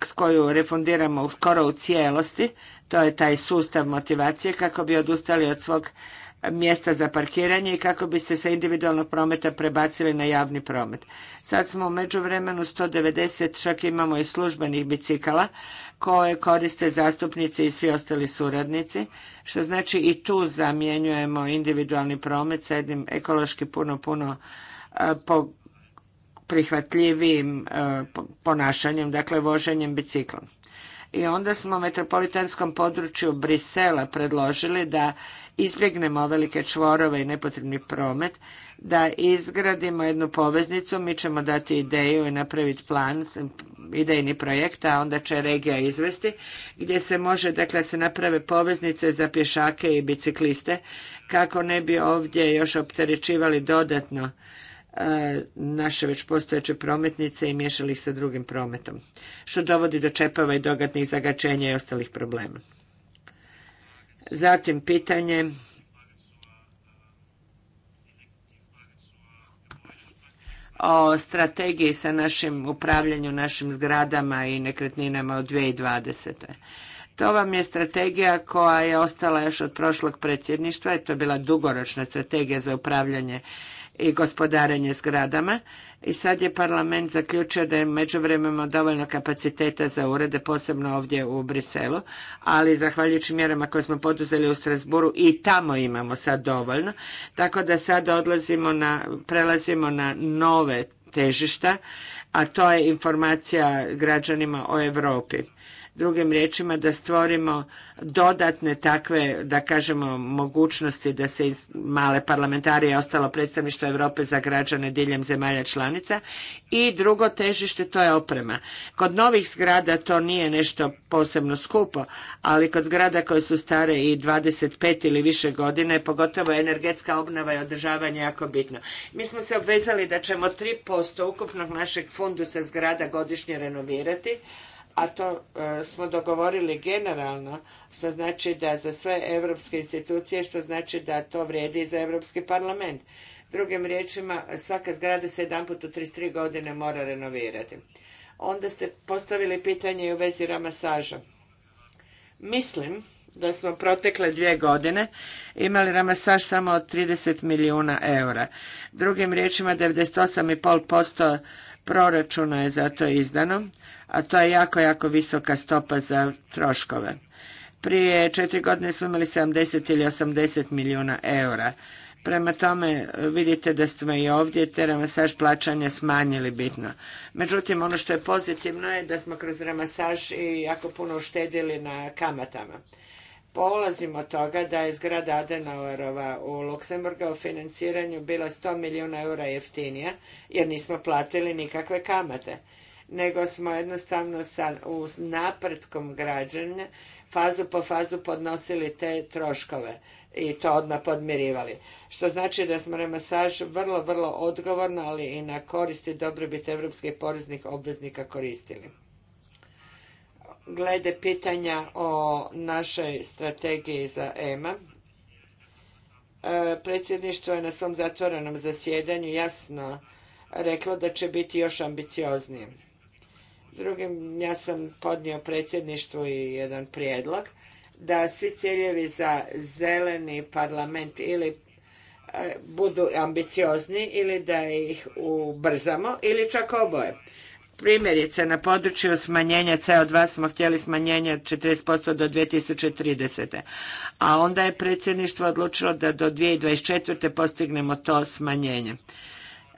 s koju refundiramo skoro u cijelosti. To je taj sustav motivacije kako bi odustali od svog mjesta za parkiranje i kako bi se sa individualnog prometa prebacili na javni promet. Sad smo u međuvremenu 190, čak imamo i službenih bicikala koje koriste zastupnici i svi ostali suradnici, što znači i tu zamjenjujemo individualni promet sa jednim ekološki puno, puno e, prihvatljivijim e, ponašanjem, dakle voženjem biciklom i onda smo metropolitanskom području Brisela predložili da izbjegnemo velike čvorove i nepotrebni promet, da izgradimo jednu poveznicu, mi ćemo dati ideju i napraviti plan, idejni projekt, a onda će regija izvesti, gdje se može, dakle, se naprave poveznice za pješake i bicikliste, kako ne bi ovdje još opterećivali dodatno E, naše već postojeće prometnice i miješali ih sa drugim prometom, što dovodi do čepava i dogatnih zagačenja i ostalih problema. Zatim pitanje o strategiji sa našim upravljanju našim zgradama i nekretninama od 2020. To vam je strategija koja je ostala još od prošlog predsjedništva i to je bila dugoročna strategija za upravljanje i gospodarenje zgradama i sad je parlament zaključio da je međuvremeno dovoljno kapaciteta za urede, posebno ovdje u Briselu, ali zahvaljujući mjerama koje smo poduzeli u Strasburu i tamo imamo sad dovoljno, tako da sad odlazimo na, prelazimo na nove težišta, a to je informacija građanima o Europi drugim riječima da stvorimo dodatne takve, da kažemo, mogućnosti da se male parlamentarije ostalo predstavništvo Europe za građane diljem zemalja članica. I drugo težište to je oprema. Kod novih zgrada to nije nešto posebno skupo, ali kod zgrada koje su stare i 25 ili više godine, pogotovo energetska obnova i održavanje jako bitno. Mi smo se obvezali da ćemo 3% ukupnog našeg fundusa zgrada godišnje renovirati, a to e, smo dogovorili generalno, što znači da za sve europske institucije, što znači da to vrijedi i za Europski parlament. Drugim riječima, svaka zgrada se jedanput u 33 godine mora renovirati. Onda ste postavili pitanje i u vezi ramasaža. Mislim da smo protekle dvije godine imali ramasaž samo od 30 milijuna eura. Drugim riječima, 98,5% proračuna je za to izdano a to je jako, jako visoka stopa za troškove. Prije četiri godine smo imali 70 ili 80 milijuna eura. Prema tome vidite da smo i ovdje te ramasaž plaćanja smanjili bitno. Međutim, ono što je pozitivno je da smo kroz ramasaž i jako puno uštedili na kamatama. Polazimo od toga da je zgrada Adenauerova u Luksemburga u financiranju bila 100 milijuna eura jeftinija jer nismo platili nikakve kamate nego smo jednostavno sa, uz napretkom građana fazu po fazu podnosili te troškove i to odmah podmirivali. Što znači da smo remasaž vrlo, vrlo odgovorno, ali i na koristi dobrobit evropskih poreznih obveznika koristili. Glede pitanja o našoj strategiji za EMA, e, predsjedništvo je na svom zatvorenom zasjedanju jasno reklo da će biti još ambicioznije Drugim, ja sam podnio predsjedništvu i jedan prijedlog da svi ciljevi za zeleni parlament ili e, budu ambiciozni ili da ih ubrzamo ili čak oboje. Primjerice, na području smanjenja CO2 smo htjeli smanjenje 40% do 2030. A onda je predsjedništvo odlučilo da do 2024. postignemo to smanjenje.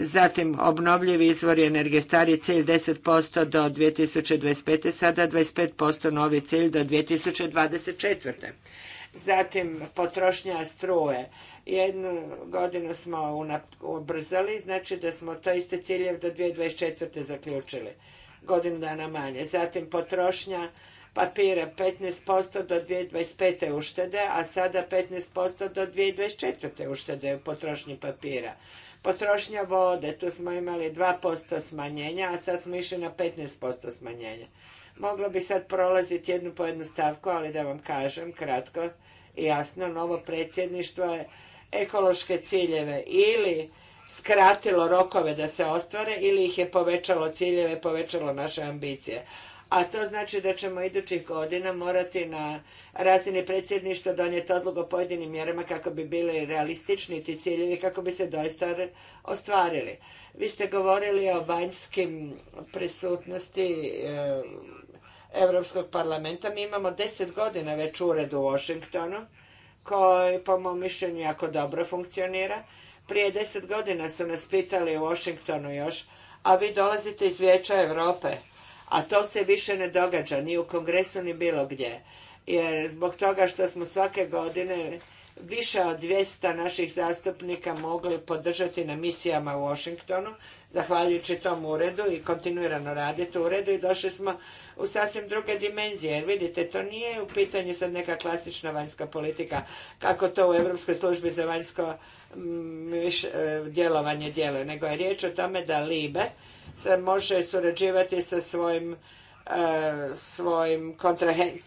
Zatim obnovljivi izvori energije, stari cilj 10% do 2025. sada 25% novi cilj do 2024. Zatim potrošnja struje. Jednu godinu smo ubrzali, znači da smo to iste cilje do 2024. zaključili. Godinu dana manje. Zatim potrošnja papira 15% do 2025. uštede, a sada 15% do 2024. uštede u potrošnji papira. Potrošnja vode, tu smo imali 2% smanjenja, a sad smo išli na 15% smanjenja. Moglo bi sad prolaziti jednu po jednu stavku, ali da vam kažem kratko i jasno, novo predsjedništvo je ekološke ciljeve ili skratilo rokove da se ostvare ili ih je povećalo ciljeve, povećalo naše ambicije a to znači da ćemo idućih godina morati na razini predsjedništva donijeti odluku o pojedinim mjerama kako bi bili realistični ti ciljevi kako bi se doista ostvarili. Vi ste govorili o vanjskim prisutnosti eh, Europskog parlamenta. Mi imamo deset godina već ured u Washingtonu koji po mom mišljenju jako dobro funkcionira. Prije deset godina su nas pitali u Washingtonu još, a vi dolazite iz Vijeća Europe a to se više ne događa ni u kongresu ni bilo gdje jer zbog toga što smo svake godine više od 200 naših zastupnika mogli podržati na misijama u Washingtonu, zahvaljujući tom uredu i kontinuirano raditi u uredu i došli smo u sasvim druge dimenzije. Jer vidite, to nije u pitanju sad neka klasična vanjska politika, kako to u Europskoj službi za vanjsko mm, eh, djelovanje djeluje, nego je riječ o tome da Libe, se može surađivati sa svojim e, svojim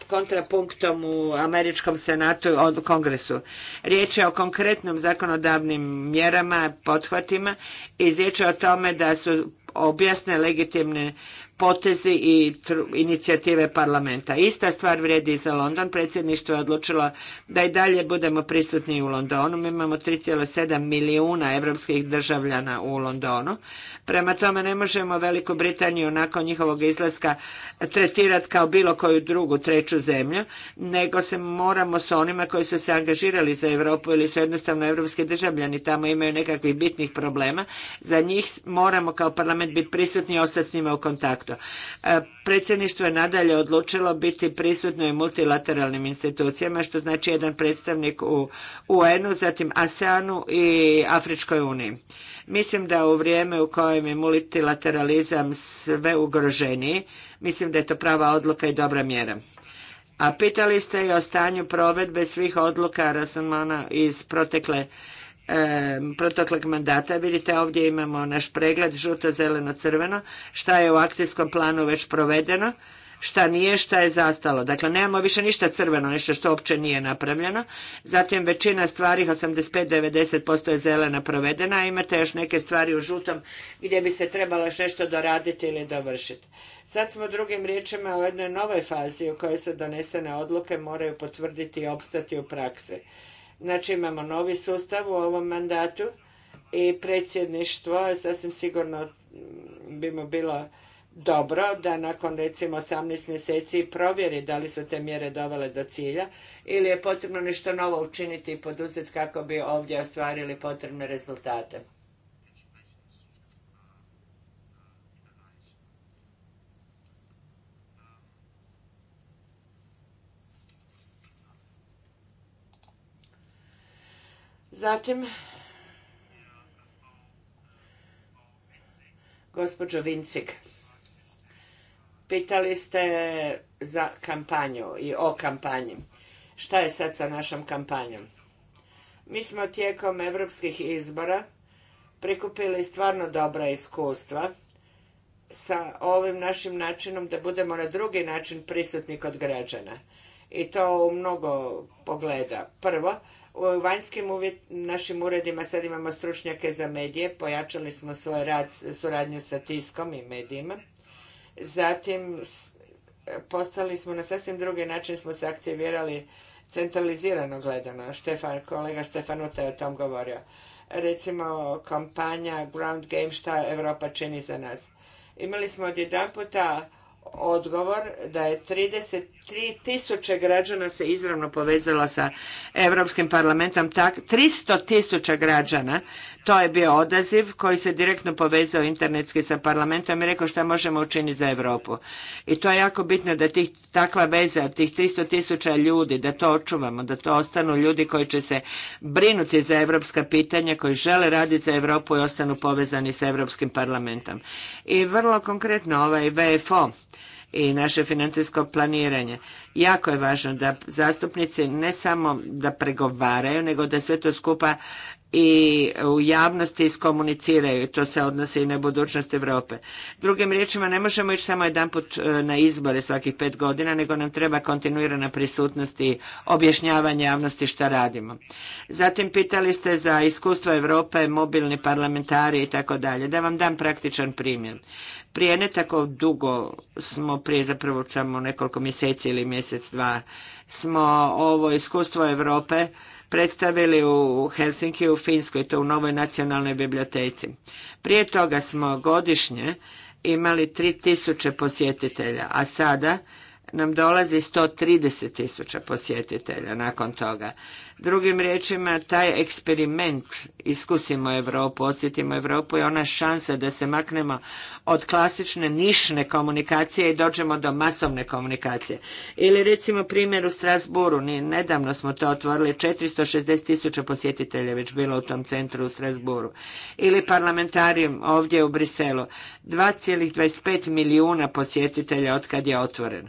kontrapunktom u Američkom senatu i kongresu. Riječ je o konkretnom zakonodavnim mjerama, pothvatima i riječ je o tome da su objasne legitimne potezi i inicijative parlamenta. Ista stvar vrijedi i za London. Predsjedništvo je odlučilo da i dalje budemo prisutni u Londonu. Mi imamo 3,7 milijuna evropskih državljana u Londonu. Prema tome ne možemo Veliku Britaniju nakon njihovog izlaska tretirati kao bilo koju drugu, treću zemlju, nego se moramo s onima koji su se angažirali za Europu ili su jednostavno evropski državljani tamo imaju nekakvih bitnih problema. Za njih moramo kao parlament biti prisutni i ostati s njima u kontaktu facto. E, predsjedništvo je nadalje odlučilo biti prisutno i multilateralnim institucijama, što znači jedan predstavnik u UN-u, zatim ASEAN-u i Afričkoj uniji. Mislim da u vrijeme u kojem je multilateralizam sve ugroženiji, mislim da je to prava odluka i dobra mjera. A pitali ste i o stanju provedbe svih odluka iz protekle protoklog mandata. Vidite ovdje imamo naš pregled žuto, zeleno, crveno, šta je u akcijskom planu već provedeno, šta nije, šta je zastalo. Dakle, nemamo više ništa crveno, nešto što uopće nije napravljeno. Zatim većina stvari, 85-90% je zelena provedena, a imate još neke stvari u žutom gdje bi se trebalo još nešto doraditi ili dovršiti. Sad smo drugim riječima u jednoj novoj fazi u kojoj se donesene odluke moraju potvrditi i opstati u praksi. Znači imamo novi sustav u ovom mandatu i predsjedništvo sasvim sigurno mm, bi mu bilo dobro da nakon recimo 18 mjeseci provjeri da li su te mjere dovele do cilja ili je potrebno nešto novo učiniti i poduzeti kako bi ovdje ostvarili potrebne rezultate. Zatim, gospođo Vincik, pitali ste za kampanju i o kampanji. Šta je sad sa našom kampanjom? Mi smo tijekom europskih izbora prikupili stvarno dobra iskustva sa ovim našim načinom da budemo na drugi način prisutni kod građana. I to u mnogo pogleda. Prvo, u vanjskim uvjet, našim uredima sad imamo stručnjake za medije, pojačali smo svoj rad, suradnju sa tiskom i medijima. Zatim postali smo na sasvim drugi način smo se aktivirali centralizirano gledano. kolega Stefanuta je o tom govorio. Recimo kampanja Ground Game šta Europa čini za nas. Imali smo od odgovor da je 30 3000 građana se izravno povezalo sa Europskim parlamentom, tak, 300 tisuća građana, to je bio odaziv koji se direktno povezao internetski sa parlamentom i rekao šta možemo učiniti za Europu. I to je jako bitno da takva veza, tih 300 tisuća ljudi, da to očuvamo, da to ostanu ljudi koji će se brinuti za europska pitanja, koji žele raditi za Europu i ostanu povezani sa Europskim parlamentom. I vrlo konkretno ovaj VFO, i naše financijsko planiranje. Jako je važno da zastupnici ne samo da pregovaraju, nego da sve to skupa i u javnosti iskomuniciraju. To se odnosi i na budućnost Europe. Drugim riječima, ne možemo ići samo jedanput e, na izbore svakih pet godina, nego nam treba kontinuirana prisutnost i objašnjavanje javnosti šta radimo. Zatim pitali ste za iskustvo Europe, mobilni parlamentari i tako dalje. Da vam dam praktičan primjer. Prije ne tako dugo smo, prije zapravo samo nekoliko mjeseci ili mjesec, dva, smo ovo iskustvo Europe predstavili u Helsinki u Finskoj, to u Novoj nacionalnoj biblioteci. Prije toga smo godišnje imali 3000 posjetitelja, a sada nam dolazi 130 tisuća posjetitelja nakon toga. Drugim riječima, taj eksperiment iskusimo Evropu, osjetimo Europu je ona šansa da se maknemo od klasične nišne komunikacije i dođemo do masovne komunikacije. Ili recimo primjer u Strasburu, nedavno smo to otvorili, 460 tisuća posjetitelja već bilo u tom centru u Strasburu. Ili parlamentarijum ovdje u Briselu, 2,25 milijuna posjetitelja od kad je otvoren.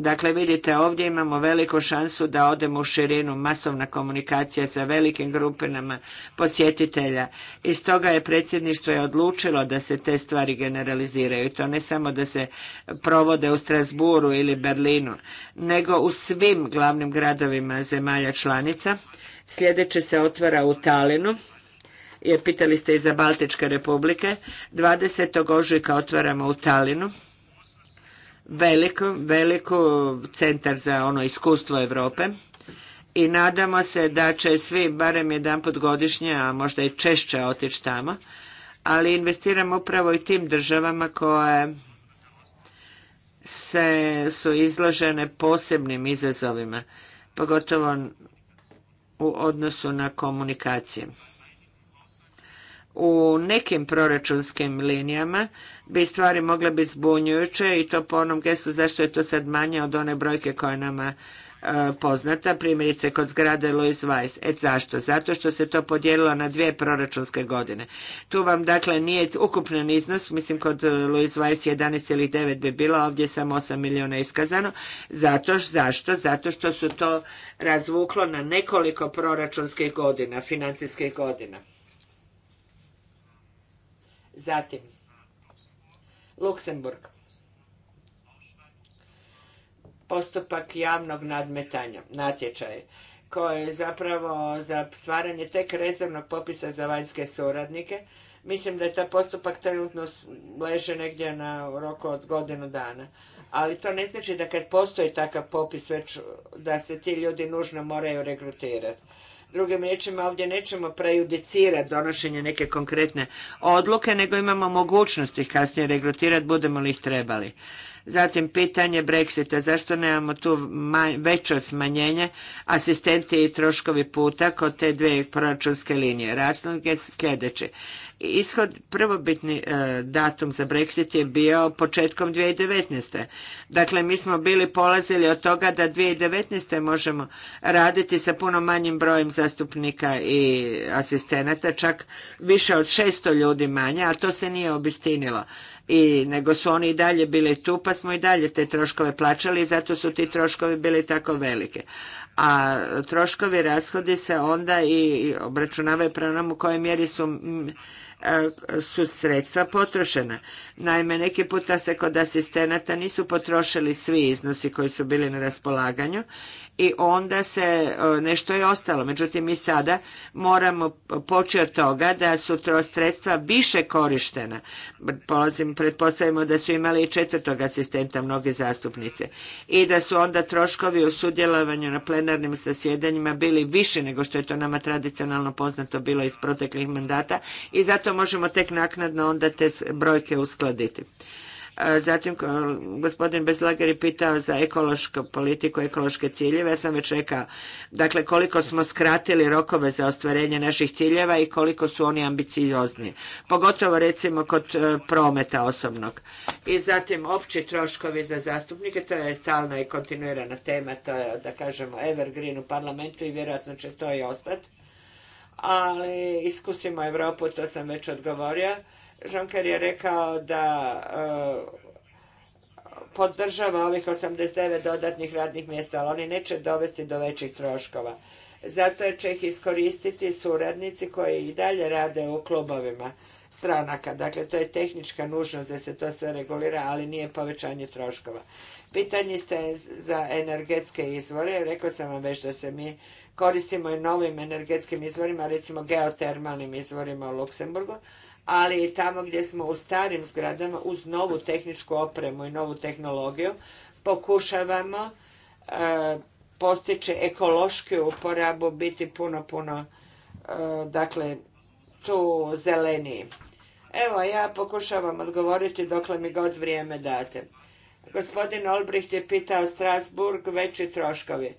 Dakle, vidite, ovdje imamo veliku šansu da odemo u širinu, masovna komunikacija sa velikim grupinama posjetitelja. I stoga je predsjedništvo je odlučilo da se te stvari generaliziraju. To ne samo da se provode u Strasburu ili Berlinu, nego u svim glavnim gradovima zemalja članica. Sljedeće se otvara u Talinu jer pitali ste i za Baltičke republike. 20. ožujka otvaramo u Talinu veliku, veliko centar za ono iskustvo Europe i nadamo se da će svi barem jedanput godišnje, a možda i češće otići tamo, ali investiramo upravo i tim državama koje se su izložene posebnim izazovima, pogotovo u odnosu na komunikacije u nekim proračunskim linijama bi stvari mogle biti zbunjujuće i to po onom gestu zašto je to sad manje od one brojke koja nama e, poznata, primjerice kod zgrade Louis Weiss. E zašto? Zato što se to podijelilo na dvije proračunske godine. Tu vam dakle nije ukupan iznos, mislim kod e, Louis Weiss 11,9 bi bilo, ovdje samo 8 milijuna iskazano. Zato, zašto? Zato što su to razvuklo na nekoliko proračunskih godina, financijskih godina. Zatim, Luksemburg. Postupak javnog nadmetanja, natječaj, koji je zapravo za stvaranje tek rezervnog popisa za vanjske suradnike. Mislim da je taj postupak trenutno leže negdje na roku od godinu dana. Ali to ne znači da kad postoji takav popis već da se ti ljudi nužno moraju regrutirati. Drugim riječima ovdje nećemo prejudicirati donošenje neke konkretne odluke, nego imamo mogućnosti ih kasnije regrutirati, budemo li ih trebali. Zatim pitanje Brexita, zašto nemamo tu veće smanjenje asistenti i troškovi puta kod te dvije proračunske linije? Razlog je sljedeći. Ishod prvobitni e, datum za Brexit je bio početkom 2019. Dakle, mi smo bili polazili od toga da 2019. možemo raditi sa puno manjim brojem zastupnika i asistenata, čak više od 600 ljudi manje, a to se nije obistinilo i nego su oni i dalje bili tu pa smo i dalje te troškove plaćali i zato su ti troškovi bili tako velike a troškovi rashodi se onda i obračunavaju prema u kojoj mjeri su e, su sredstva potrošena. Naime, neki puta se kod asistenata nisu potrošili svi iznosi koji su bili na raspolaganju i onda se e, nešto je ostalo. Međutim, mi sada moramo poći od toga da su sredstva više korištena. Polazim, pretpostavimo da su imali i četvrtog asistenta mnoge zastupnice i da su onda troškovi u sudjelovanju na plenarnim sasjedanjima bili više nego što je to nama tradicionalno poznato bilo iz proteklih mandata i zato možemo tek naknadno onda te brojke uskladiti. Zatim, gospodin Bezlager je pitao za ekološku politiku, ekološke ciljeve. Ja sam već rekao, dakle, koliko smo skratili rokove za ostvarenje naših ciljeva i koliko su oni ambiciozni. Pogotovo, recimo, kod e, prometa osobnog. I zatim, opći troškovi za zastupnike, to je stalna i kontinuirana tema, to je, da kažemo, evergreen u parlamentu i vjerojatno će to i ostati. Ali iskusimo Europu, to sam već odgovorio. Žonker je rekao da e, podržava ovih 89 dodatnih radnih mjesta, ali oni neće dovesti do većih troškova. Zato će ih iskoristiti suradnici koji i dalje rade u klubovima stranaka. Dakle, to je tehnička nužnost da se to sve regulira, ali nije povećanje troškova. Pitanje ste za energetske izvore. Rekao sam vam već da se mi koristimo i novim energetskim izvorima, recimo geotermalnim izvorima u Luksemburgu, ali i tamo gdje smo u starim zgradama uz novu tehničku opremu i novu tehnologiju pokušavamo e, postići ekološku uporabu, biti puno, puno e, dakle tu zeleniji. Evo, ja pokušavam odgovoriti dokle mi god vrijeme date. Gospodin Olbricht je pitao Strasburg veći troškovi.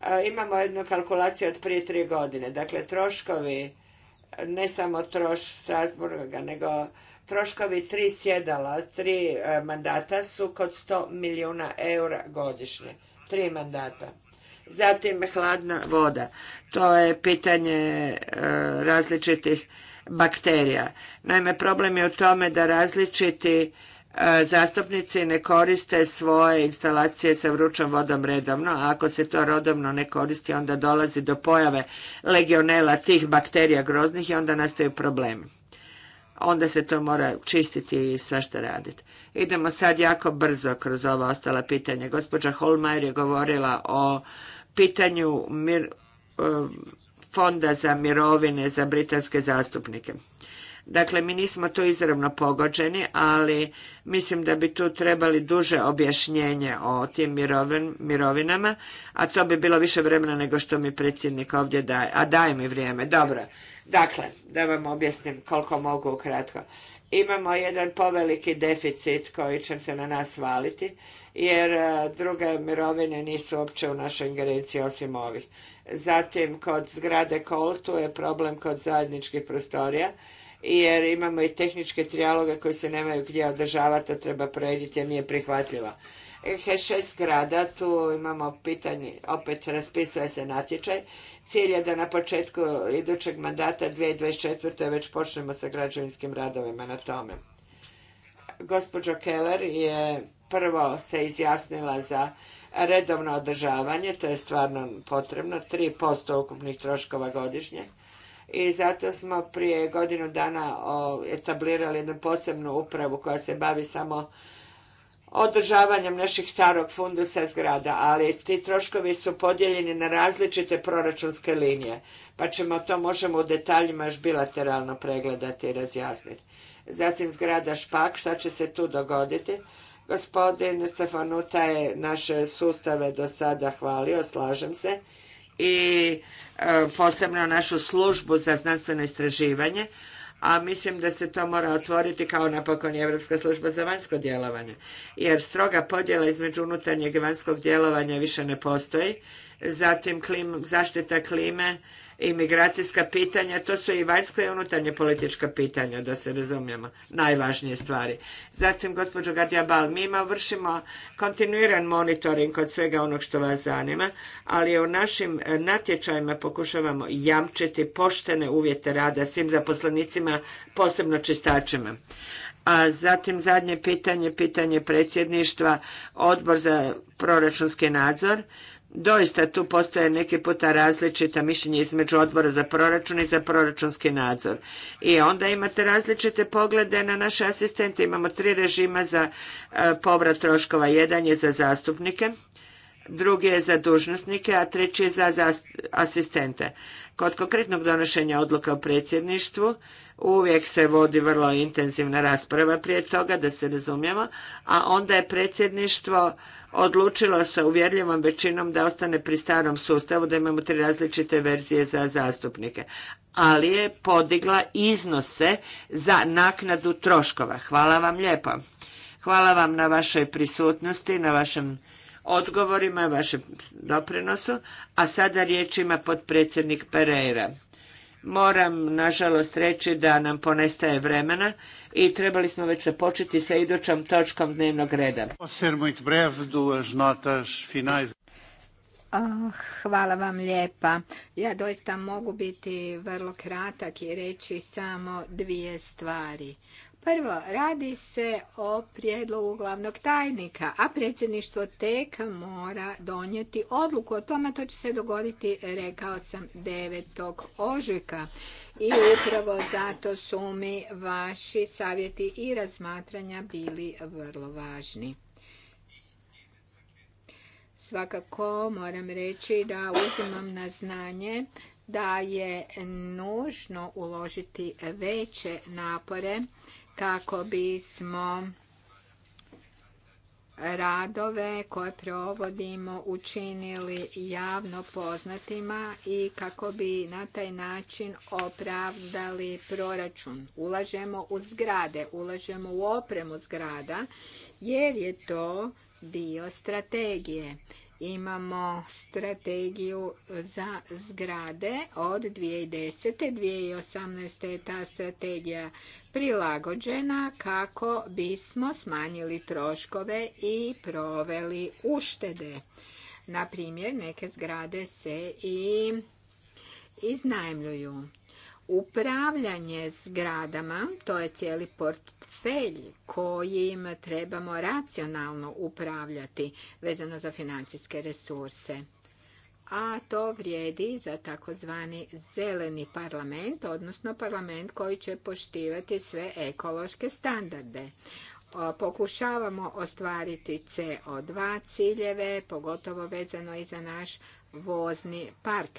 E, imamo jednu kalkulaciju od prije tri godine. Dakle, troškovi ne samo troš Strasburga, nego troškovi tri sjedala, tri e, mandata su kod 100 milijuna eura godišnje. Tri mandata. Zatim hladna voda. To je pitanje e, različitih bakterija. Naime, problem je u tome da različiti zastupnici ne koriste svoje instalacije sa vrućom vodom redovno, a ako se to redovno ne koristi, onda dolazi do pojave legionela tih bakterija groznih i onda nastaju problemi. Onda se to mora čistiti i sve što raditi. Idemo sad jako brzo kroz ova ostala pitanja. Gospođa Holmajer je govorila o pitanju mir, eh, fonda za mirovine za britanske zastupnike. Dakle, mi nismo tu izravno pogođeni, ali mislim da bi tu trebali duže objašnjenje o tim mirovinama, a to bi bilo više vremena nego što mi predsjednik ovdje daje. A daje mi vrijeme, dobro. Dakle, da vam objasnim koliko mogu ukratko. Imamo jedan poveliki deficit koji će se na nas valiti, jer e, druge mirovine nisu uopće u našoj ingerenciji osim ovih. Zatim, kod zgrade Koltu je problem kod zajedničkih prostorija, jer imamo i tehničke trijaloge koji se nemaju gdje održavati, a treba projediti jer nije prihvatljiva. H6 grada, tu imamo pitanje, opet raspisuje se natječaj. Cilj je da na početku idućeg mandata 2024. već počnemo sa građevinskim radovima na tome. Gospođo Keller je prvo se izjasnila za redovno održavanje, to je stvarno potrebno, 3% ukupnih troškova godišnje i zato smo prije godinu dana etablirali jednu posebnu upravu koja se bavi samo održavanjem naših starog fundusa zgrada, ali ti troškovi su podijeljeni na različite proračunske linije, pa ćemo to možemo u detaljima još bilateralno pregledati i razjasniti. Zatim zgrada Špak, šta će se tu dogoditi? Gospodin Stefanuta je naše sustave do sada hvalio, slažem se i e, posebno našu službu za znanstveno istraživanje, a mislim da se to mora otvoriti kao napokon i Europska služba za vanjsko djelovanje. Jer stroga podjela između unutarnjeg i vanjskog djelovanja više ne postoji. Zatim zaštita klime imigracijska pitanja, to su i vanjsko i unutarnje politička pitanja, da se razumijemo, najvažnije stvari. Zatim, gospođo Bal, mi ima vršimo kontinuiran monitoring kod svega onog što vas zanima, ali u našim e, natječajima pokušavamo jamčiti poštene uvjete rada svim zaposlenicima, posebno čistačima. A zatim zadnje pitanje, pitanje predsjedništva, odbor za proračunski nadzor doista tu postoje neki puta različita mišljenja između odbora za proračun i za proračunski nadzor. I onda imate različite poglede na naše asistente. Imamo tri režima za e, povrat troškova. Jedan je za zastupnike, drugi je za dužnosnike, a treći je za asistente. Kod konkretnog donošenja odluka u predsjedništvu Uvijek se vodi vrlo intenzivna rasprava prije toga, da se razumijemo, a onda je predsjedništvo odlučilo sa uvjerljivom većinom da ostane pri starom sustavu, da imamo tri različite verzije za zastupnike. Ali je podigla iznose za naknadu troškova. Hvala vam lijepo. Hvala vam na vašoj prisutnosti, na vašem odgovorima, vašem doprinosu. A sada riječ ima potpredsjednik Pereira. Moram, nažalost, reći da nam ponestaje vremena i trebali smo već započeti sa idućom točkom dnevnog reda. Ah, hvala vam lijepa. Ja doista mogu biti vrlo kratak i reći samo dvije stvari. Prvo, radi se o prijedlogu glavnog tajnika, a predsjedništvo tek mora donijeti odluku o tome. To će se dogoditi, rekao sam, 9. ožujka. I upravo zato su mi vaši savjeti i razmatranja bili vrlo važni. Svakako moram reći da uzimam na znanje da je nužno uložiti veće napore kako bismo radove koje provodimo učinili javno poznatima i kako bi na taj način opravdali proračun. Ulažemo u zgrade, ulažemo u opremu zgrada jer je to dio strategije. Imamo strategiju za zgrade od 2010. 2018. je ta strategija prilagođena kako bismo smanjili troškove i proveli uštede. Na primjer, neke zgrade se i iznajmljuju upravljanje zgradama, to je cijeli portfelj kojim trebamo racionalno upravljati vezano za financijske resurse. A to vrijedi za takozvani zeleni parlament, odnosno parlament koji će poštivati sve ekološke standarde pokušavamo ostvariti CO2 ciljeve, pogotovo vezano i za naš vozni park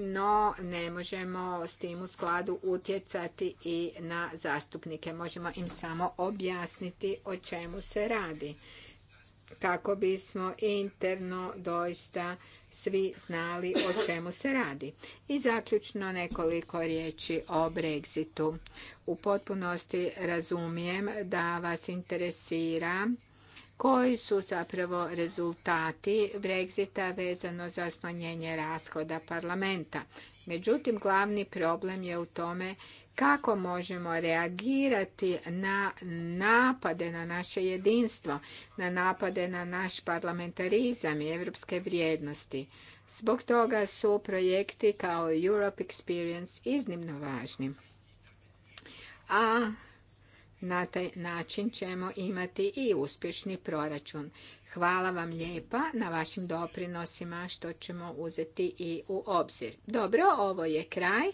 no ne možemo s tim u skladu utjecati i na zastupnike. Možemo im samo objasniti o čemu se radi kako bismo interno doista svi znali o čemu se radi. I zaključno nekoliko riječi o Brexitu. U potpunosti razumijem da vas interesira koji su zapravo rezultati Brexita vezano za smanjenje rashoda parlamenta. Međutim, glavni problem je u tome kako možemo reagirati na napade na naše jedinstvo, na napade na naš parlamentarizam i evropske vrijednosti. Zbog toga su projekti kao Europe Experience iznimno važni. A na taj način ćemo imati i uspješni proračun. Hvala vam lijepa na vašim doprinosima što ćemo uzeti i u obzir. Dobro, ovo je kraj.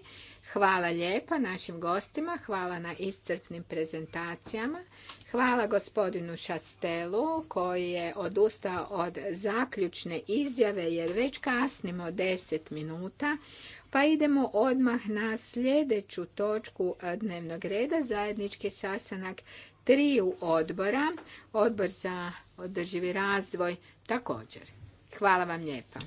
Hvala lijepa našim gostima, hvala na iscrpnim prezentacijama. Hvala gospodinu Šastelu koji je odustao od zaključne izjave jer već kasnimo 10 minuta. Pa idemo odmah na sljedeću točku e, dnevnog reda, zajednički sasanak triju odbora, odbor za održivi razvoj također. Hvala vam lijepa.